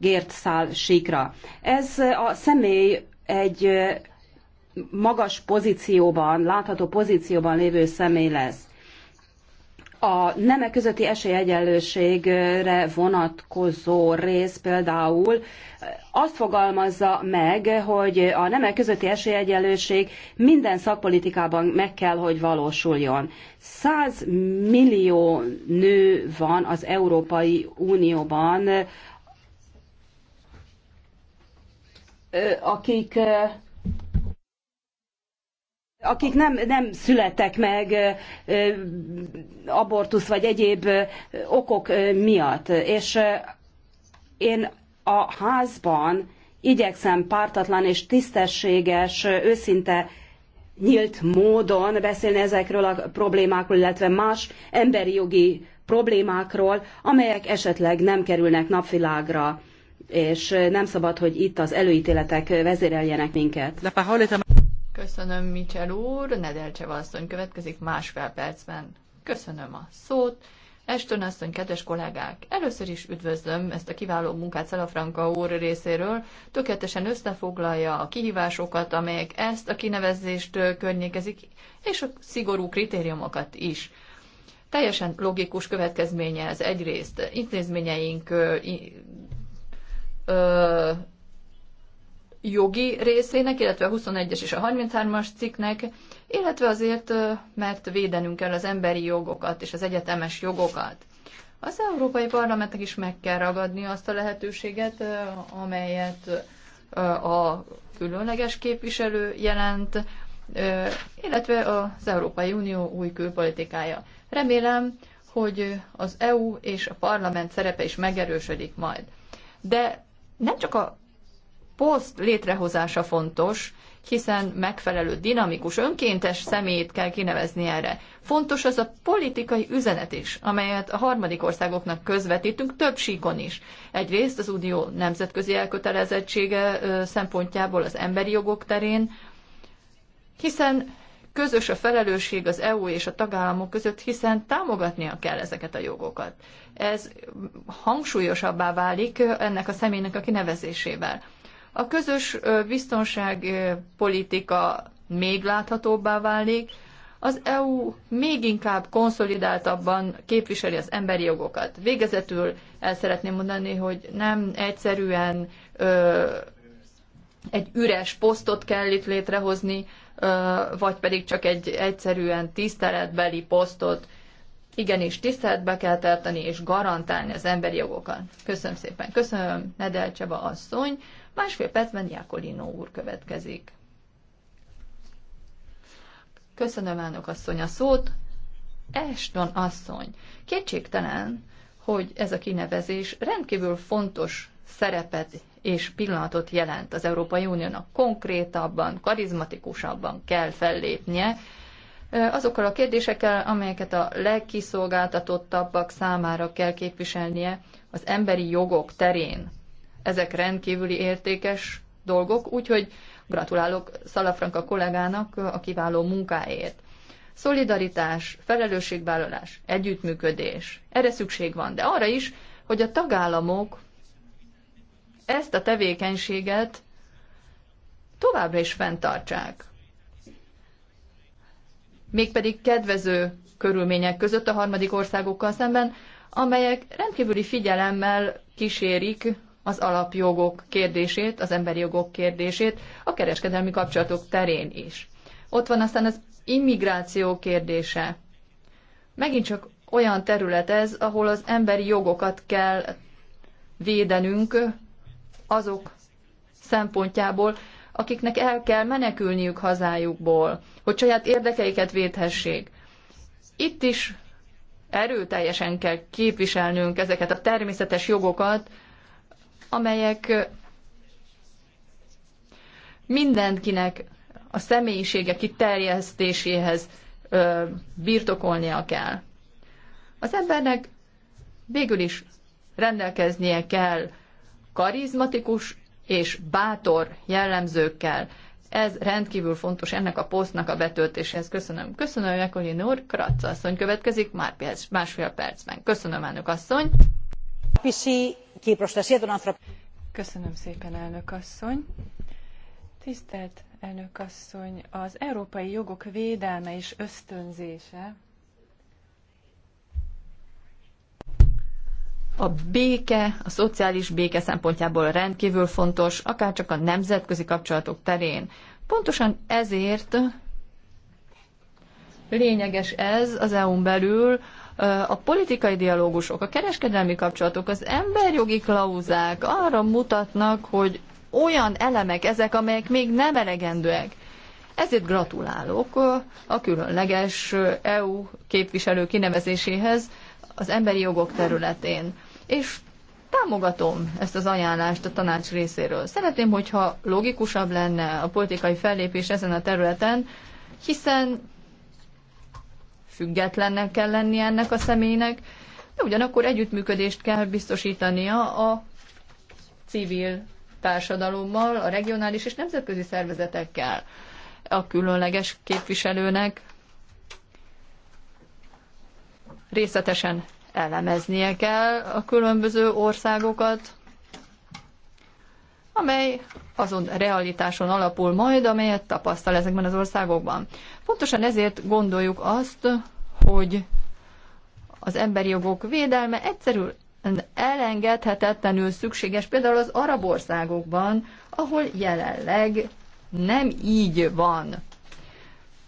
gért szál síkra. Ez a személy egy magas pozícióban, látható pozícióban lévő személy lesz. A nemek közötti esélyegyenlőségre vonatkozó rész például azt fogalmazza meg, hogy a nemek közötti esélyegyenlőség minden szakpolitikában meg kell, hogy valósuljon. 100 millió nő van az Európai Unióban, akik akik nem, nem születtek meg abortusz vagy egyéb okok miatt. És én a házban igyekszem pártatlan és tisztességes, őszinte nyílt módon beszélni ezekről a problémákról, illetve más emberi jogi problémákról, amelyek esetleg nem kerülnek napvilágra és nem szabad, hogy itt az előítéletek vezéreljenek minket. Köszönöm, Michel úr. Nedelcseva asszony következik másfél percben. Köszönöm a szót. Eston asszony, kedves kollégák! Először is üdvözlöm ezt a kiváló munkát Szelafranka úr részéről. Tökéletesen összefoglalja a kihívásokat, amelyek ezt a kinevezést környékezik, és a szigorú kritériumokat is. Teljesen logikus következménye ez egyrészt. Intézményeink ö, jogi részének, illetve a 21-es és a 33-as cikknek, illetve azért, mert védenünk kell az emberi jogokat és az egyetemes jogokat. Az Európai Parlamentnek is meg kell ragadni azt a lehetőséget, amelyet a különleges képviselő jelent, illetve az Európai Unió új külpolitikája. Remélem, hogy az EU és a parlament szerepe is megerősödik majd. De nem csak a poszt létrehozása fontos, hiszen megfelelő dinamikus, önkéntes szemét kell kinevezni erre. Fontos az a politikai üzenet is, amelyet a harmadik országoknak közvetítünk több síkon is. Egyrészt az Unió nemzetközi elkötelezettsége szempontjából az emberi jogok terén, hiszen közös a felelősség az EU és a tagállamok között, hiszen támogatnia kell ezeket a jogokat. Ez hangsúlyosabbá válik ennek a személynek a kinevezésével. A közös biztonságpolitika még láthatóbbá válik, az EU még inkább konszolidáltabban képviseli az emberi jogokat. Végezetül el szeretném mondani, hogy nem egyszerűen ö, egy üres posztot kell itt létrehozni, vagy pedig csak egy egyszerűen tiszteletbeli posztot. Igenis, tiszteletbe kell tartani és garantálni az emberi jogokat. Köszönöm szépen. Köszönöm, Nedel Cseba asszony. Másfél percben Jákolino úr következik. Köszönöm, elnök asszony, a szót. Eston asszony, kétségtelen, hogy ez a kinevezés rendkívül fontos szerepet és pillanatot jelent az Európai Uniónak. Konkrétabban, karizmatikusabban kell fellépnie azokkal a kérdésekkel, amelyeket a legkiszolgáltatottabbak számára kell képviselnie az emberi jogok terén. Ezek rendkívüli értékes dolgok, úgyhogy gratulálok Szalafranka kollégának a kiváló munkáért. Szolidaritás, felelősségvállalás, együttműködés. Erre szükség van, de arra is, hogy a tagállamok ezt a tevékenységet továbbra is fenntartsák. Mégpedig kedvező körülmények között a harmadik országokkal szemben, amelyek rendkívüli figyelemmel kísérik az alapjogok kérdését, az emberi jogok kérdését a kereskedelmi kapcsolatok terén is. Ott van aztán az immigráció kérdése. Megint csak olyan terület ez, ahol az emberi jogokat kell védenünk, azok szempontjából, akiknek el kell menekülniük hazájukból, hogy saját érdekeiket védhessék. Itt is erőteljesen kell képviselnünk ezeket a természetes jogokat, amelyek mindenkinek a személyisége kiterjesztéséhez birtokolnia kell. Az embernek végül is rendelkeznie kell karizmatikus és bátor jellemzőkkel. Ez rendkívül fontos ennek a posztnak a betöltéséhez. Köszönöm. Köszönöm, Jakolin úr. Kratz asszony következik már másfél percben. Köszönöm, elnök asszony. Köszönöm szépen, elnök asszony. Tisztelt elnök asszony, az európai jogok védelme és ösztönzése A béke, a szociális béke szempontjából rendkívül fontos, akárcsak a nemzetközi kapcsolatok terén. Pontosan ezért lényeges ez az EU-n belül, a politikai dialógusok, a kereskedelmi kapcsolatok, az emberjogi klauzák arra mutatnak, hogy olyan elemek ezek, amelyek még nem elegendőek. Ezért gratulálok a különleges EU képviselő kinevezéséhez az emberi jogok területén és támogatom ezt az ajánlást a tanács részéről. Szeretném, hogyha logikusabb lenne a politikai fellépés ezen a területen, hiszen függetlennek kell lennie ennek a személynek, de ugyanakkor együttműködést kell biztosítania a civil társadalommal, a regionális és nemzetközi szervezetekkel, a különleges képviselőnek részletesen elemeznie kell a különböző országokat, amely azon realitáson alapul majd, amelyet tapasztal ezekben az országokban. Pontosan ezért gondoljuk azt, hogy az emberi jogok védelme egyszerűen elengedhetetlenül szükséges, például az arab országokban, ahol jelenleg nem így van.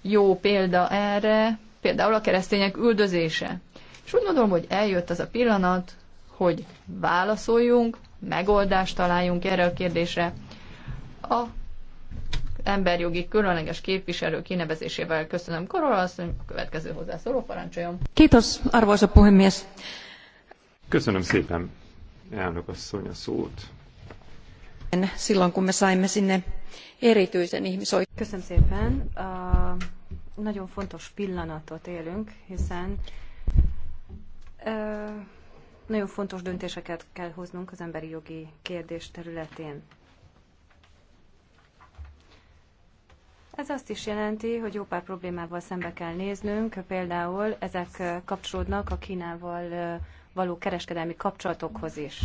Jó példa erre, például a keresztények üldözése. És úgy gondolom, hogy eljött az a pillanat, hogy válaszoljunk, megoldást találjunk erre a kérdésre. A emberjogi különleges képviselő kinevezésével köszönöm Korola, azt a következő hozzászóló parancsoljon. Kétos, arvoisa puhemies. Köszönöm szépen, elnök asszony a szót. Silloin kun me saimme sinne erityisen ihmisoik... Köszönöm szépen. A nagyon fontos pillanatot élünk, hiszen nagyon fontos döntéseket kell hoznunk az emberi jogi kérdés területén. Ez azt is jelenti, hogy jó pár problémával szembe kell néznünk, például ezek kapcsolódnak a Kínával való kereskedelmi kapcsolatokhoz is.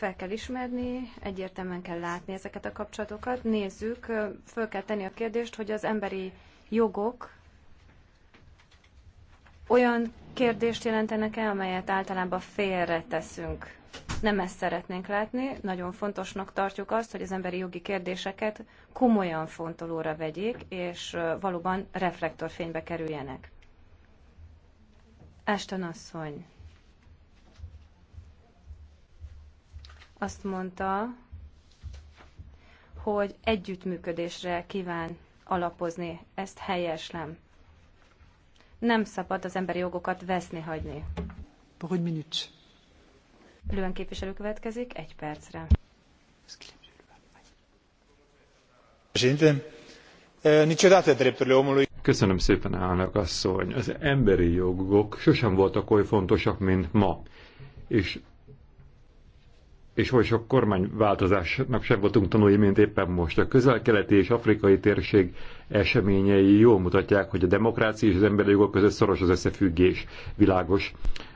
fel kell ismerni, egyértelműen kell látni ezeket a kapcsolatokat. Nézzük, föl kell tenni a kérdést, hogy az emberi jogok olyan kérdést jelentenek-e, amelyet általában félreteszünk. Nem ezt szeretnénk látni, nagyon fontosnak tartjuk azt, hogy az emberi jogi kérdéseket komolyan fontolóra vegyék, és valóban reflektorfénybe kerüljenek. Ashton asszony. azt mondta, hogy együttműködésre kíván alapozni. Ezt helyeslem. Nem szabad az emberi jogokat veszni hagyni. Pour une minute. Lően képviselő következik egy percre. Eh, Köszönöm szépen, állnak asszony. Az emberi jogok sosem voltak oly fontosak, mint ma. És és oly sok kormányváltozásnak sem voltunk tanulni, mint éppen most. A közel-keleti és afrikai térség eseményei jól mutatják, hogy a demokrácia és az emberi jogok között szoros az összefüggés. Világos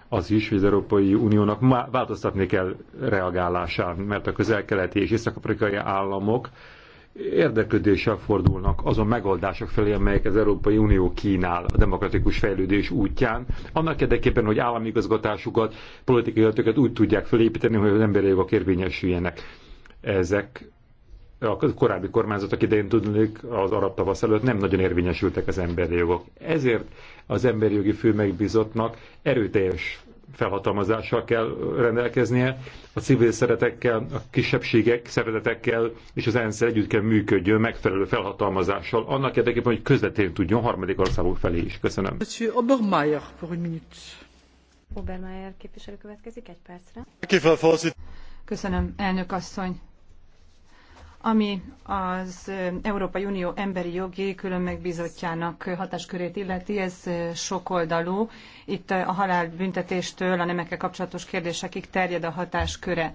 az is, hogy az Európai Uniónak változtatni kell reagálásán, mert a közel-keleti és észak-afrikai államok érdeklődéssel fordulnak azon megoldások felé, amelyek az Európai Unió kínál a demokratikus fejlődés útján, annak érdekében, hogy állami igazgatásukat, politikai életüket úgy tudják felépíteni, hogy az emberi jogok érvényesüljenek. Ezek a korábbi kormányzatok idején tudnék az arab tavasz előtt nem nagyon érvényesültek az emberi jogok. Ezért az emberi jogi főmegbízottnak erőteljes felhatalmazással kell rendelkeznie, a civil szeretekkel, a kisebbségek szeretetekkel és az ENSZ együtt kell működjön megfelelő felhatalmazással, annak érdekében, hogy közvetén tudjon harmadik országok felé is. Köszönöm. Obermeier képviselő következik egy percre. Köszönöm, elnök asszony ami az Európai Unió emberi jogi külön megbízottjának hatáskörét illeti, ez sokoldalú. Itt a halálbüntetéstől a nemekkel kapcsolatos kérdésekig terjed a hatásköre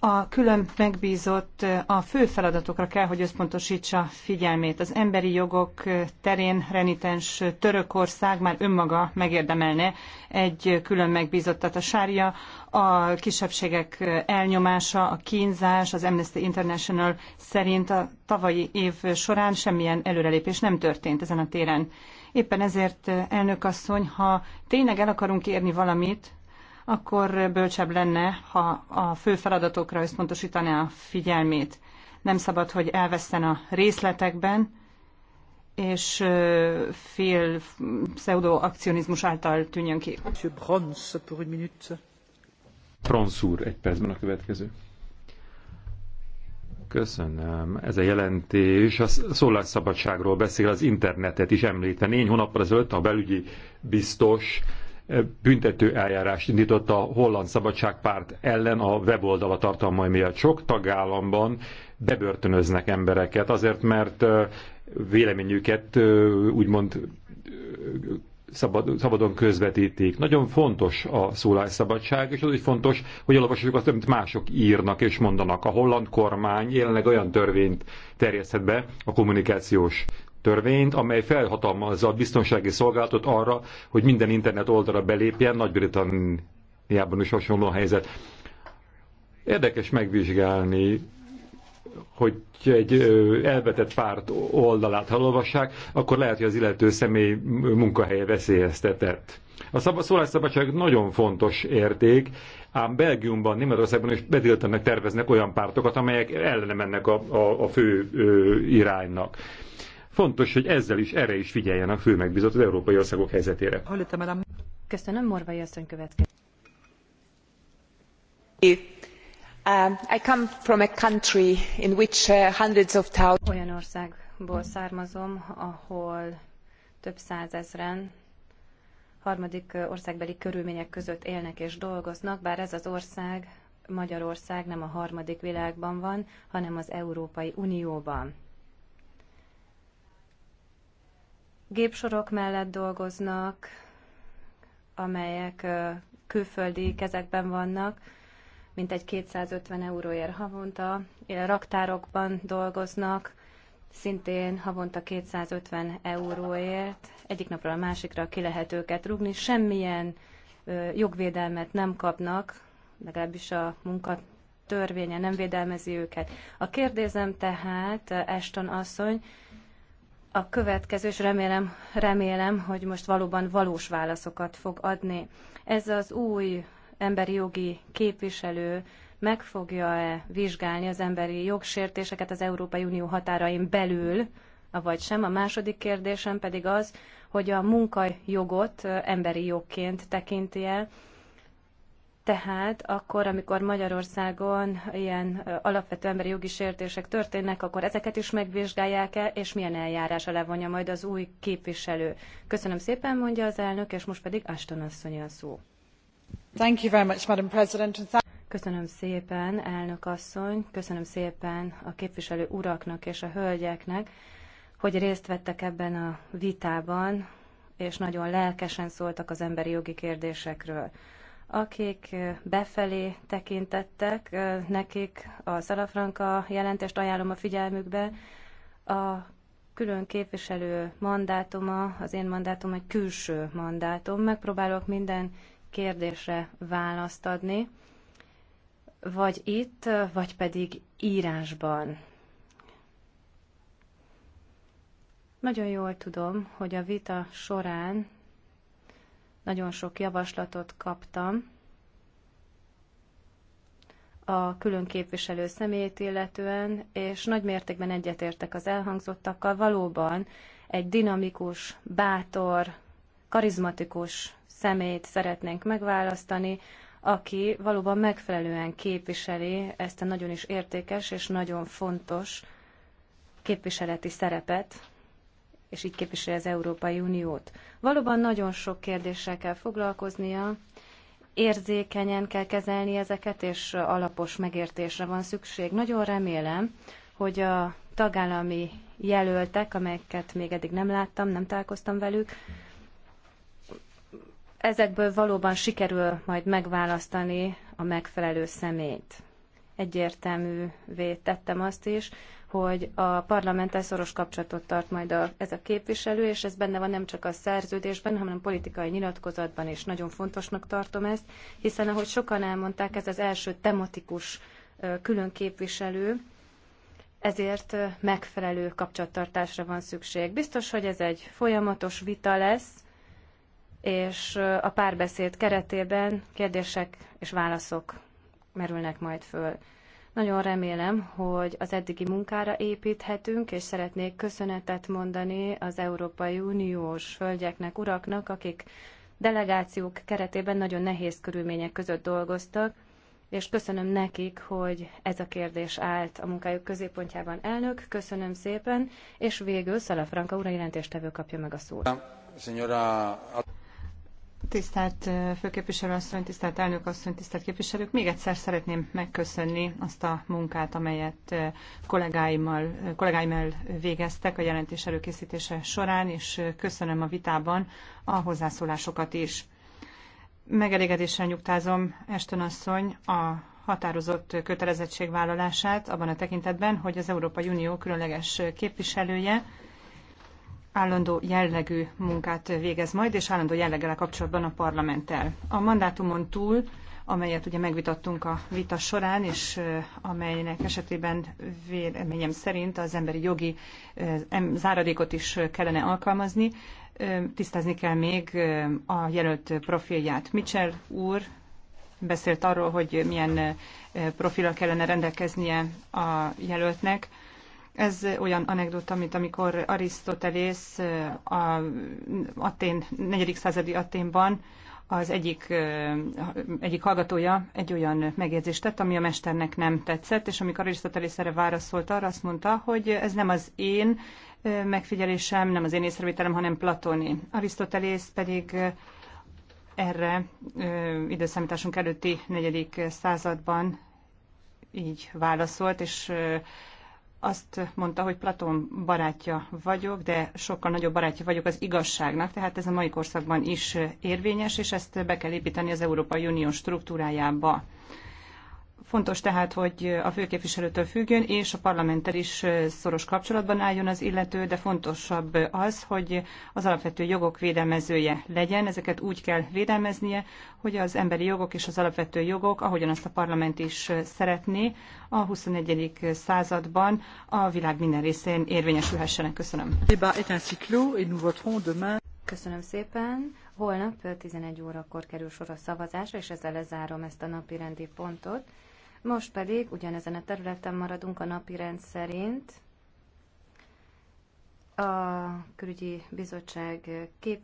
a külön megbízott a fő feladatokra kell, hogy összpontosítsa figyelmét. Az emberi jogok terén renitens Törökország már önmaga megérdemelne egy külön megbízottat a sárja. A kisebbségek elnyomása, a kínzás, az Amnesty International szerint a tavalyi év során semmilyen előrelépés nem történt ezen a téren. Éppen ezért, elnök asszony, ha tényleg el akarunk érni valamit, akkor bölcsebb lenne, ha a fő feladatokra összpontosítaná a figyelmét. Nem szabad, hogy elveszten a részletekben, és fél pseudoakcionizmus által tűnjön ki. Brons, pour une minute. Brons úr, egy percben a következő. Köszönöm. Ez a jelentés a szólásszabadságról beszél, az internetet is említve. Négy hónappal ezelőtt a belügyi biztos büntető eljárást indított a Holland Szabadságpárt ellen a weboldala tartalmai miatt. Sok tagállamban bebörtönöznek embereket azért, mert véleményüket úgymond szabad, szabadon közvetítik. Nagyon fontos a szólásszabadság, és az is fontos, hogy olvassuk azt, amit mások írnak és mondanak. A holland kormány jelenleg olyan törvényt terjeszthet be a kommunikációs törvényt, amely felhatalmazza a biztonsági szolgálatot arra, hogy minden internet oldalra belépjen, Nagy-Britanniában is hasonló a helyzet. Érdekes megvizsgálni, hogy egy elvetett párt oldalát halolvassák, akkor lehet, hogy az illető személy munkahelye veszélyeztetett. A szólásszabadság nagyon fontos érték, ám Belgiumban, Németországban is betiltanak, terveznek olyan pártokat, amelyek ellene mennek a, a, a fő ö, iránynak. Fontos, hogy ezzel is erre is figyeljen a megbízott az európai országok helyzetére. Köszönöm, Morvai asszony következik. Uh, I come from a country in which uh, hundreds of thousands... Olyan országból származom, ahol több százezren harmadik uh, országbeli körülmények között élnek és dolgoznak, bár ez az ország, Magyarország nem a harmadik világban van, hanem az Európai Unióban. gépsorok mellett dolgoznak, amelyek külföldi kezekben vannak, mintegy 250 euróért havonta, raktárokban dolgoznak, szintén havonta 250 euróért, egyik napról a másikra ki lehet őket rúgni, semmilyen jogvédelmet nem kapnak, legalábbis a munka törvénye nem védelmezi őket. A kérdésem tehát, Eston asszony, a következő, és remélem, remélem, hogy most valóban valós válaszokat fog adni. Ez az új emberi jogi képviselő meg fogja-e vizsgálni az emberi jogsértéseket az Európai Unió határain belül, vagy sem. A második kérdésem pedig az, hogy a munkajogot emberi jogként tekinti el, tehát akkor, amikor Magyarországon ilyen alapvető emberi jogi sértések történnek, akkor ezeket is megvizsgálják e és milyen eljárás levonja majd az új képviselő. Köszönöm szépen, mondja az elnök, és most pedig Ashton asszony a szó. Thank you very much, Madam President. Köszönöm szépen, elnök asszony, köszönöm szépen a képviselő uraknak és a hölgyeknek, hogy részt vettek ebben a vitában, és nagyon lelkesen szóltak az emberi jogi kérdésekről akik befelé tekintettek, nekik a Szalafranka jelentést ajánlom a figyelmükbe. A külön képviselő mandátuma, az én mandátum egy külső mandátum. Megpróbálok minden kérdésre választ adni, vagy itt, vagy pedig írásban. Nagyon jól tudom, hogy a vita során nagyon sok javaslatot kaptam a külön képviselő személyét illetően, és nagy mértékben egyetértek az elhangzottakkal. Valóban egy dinamikus, bátor, karizmatikus személyt szeretnénk megválasztani, aki valóban megfelelően képviseli ezt a nagyon is értékes és nagyon fontos képviseleti szerepet, és így képviseli az Európai Uniót. Valóban nagyon sok kérdéssel kell foglalkoznia, érzékenyen kell kezelni ezeket, és alapos megértésre van szükség. Nagyon remélem, hogy a tagállami jelöltek, amelyeket még eddig nem láttam, nem találkoztam velük, ezekből valóban sikerül majd megválasztani a megfelelő személyt. Egyértelművé tettem azt is, hogy a parlamenttel szoros kapcsolatot tart majd a, ez a képviselő, és ez benne van nem csak a szerződésben, hanem a politikai nyilatkozatban is. Nagyon fontosnak tartom ezt, hiszen ahogy sokan elmondták, ez az első tematikus külön képviselő, ezért megfelelő kapcsolattartásra van szükség. Biztos, hogy ez egy folyamatos vita lesz, és a párbeszéd keretében kérdések és válaszok merülnek majd föl. Nagyon remélem, hogy az eddigi munkára építhetünk, és szeretnék köszönetet mondani az Európai Uniós hölgyeknek, uraknak, akik delegációk keretében nagyon nehéz körülmények között dolgoztak, és köszönöm nekik, hogy ez a kérdés állt a munkájuk középpontjában. Elnök, köszönöm szépen, és végül Szalafranka úr a jelentéstevő kapja meg a szót. Tisztelt főképviselő asszony, tisztelt elnök asszony, tisztelt képviselők! Még egyszer szeretném megköszönni azt a munkát, amelyet kollégáimmal, kollégáimmal végeztek a jelentés előkészítése során, és köszönöm a vitában a hozzászólásokat is. Megelégedéssel nyugtázom Eston asszony a határozott kötelezettségvállalását abban a tekintetben, hogy az Európai Unió különleges képviselője, állandó jellegű munkát végez majd, és állandó jelleggel kapcsolatban a parlamenttel. A mandátumon túl, amelyet ugye megvitattunk a vita során, és amelynek esetében véleményem szerint az emberi jogi záradékot is kellene alkalmazni, tisztázni kell még a jelölt profilját. Mitchell úr beszélt arról, hogy milyen profilra kellene rendelkeznie a jelöltnek, ez olyan anekdota, mint amikor Arisztotelész eh, a Atén, 4. századi Aténban az egyik, eh, egyik hallgatója egy olyan megjegyzést tett, ami a mesternek nem tetszett, és amikor Arisztotelész erre válaszolt, arra azt mondta, hogy ez nem az én eh, megfigyelésem, nem az én észrevételem, hanem Platoni. Arisztotelész pedig erre időszámításunk előtti negyedik században így válaszolt, és azt mondta, hogy Platón barátja vagyok, de sokkal nagyobb barátja vagyok az igazságnak, tehát ez a mai korszakban is érvényes, és ezt be kell építeni az Európai Unió struktúrájába. Fontos tehát, hogy a főképviselőtől függjön, és a parlamenttel is szoros kapcsolatban álljon az illető, de fontosabb az, hogy az alapvető jogok védelmezője legyen. Ezeket úgy kell védelmeznie, hogy az emberi jogok és az alapvető jogok, ahogyan azt a parlament is szeretné, a 21. században a világ minden részén érvényesülhessenek. Köszönöm. Köszönöm szépen. Holnap 11 órakor kerül sor a szavazásra, és ezzel lezárom ezt a napi rendi pontot. Most pedig ugyanezen a területen maradunk a napi rend szerint. A külügyi bizottság kép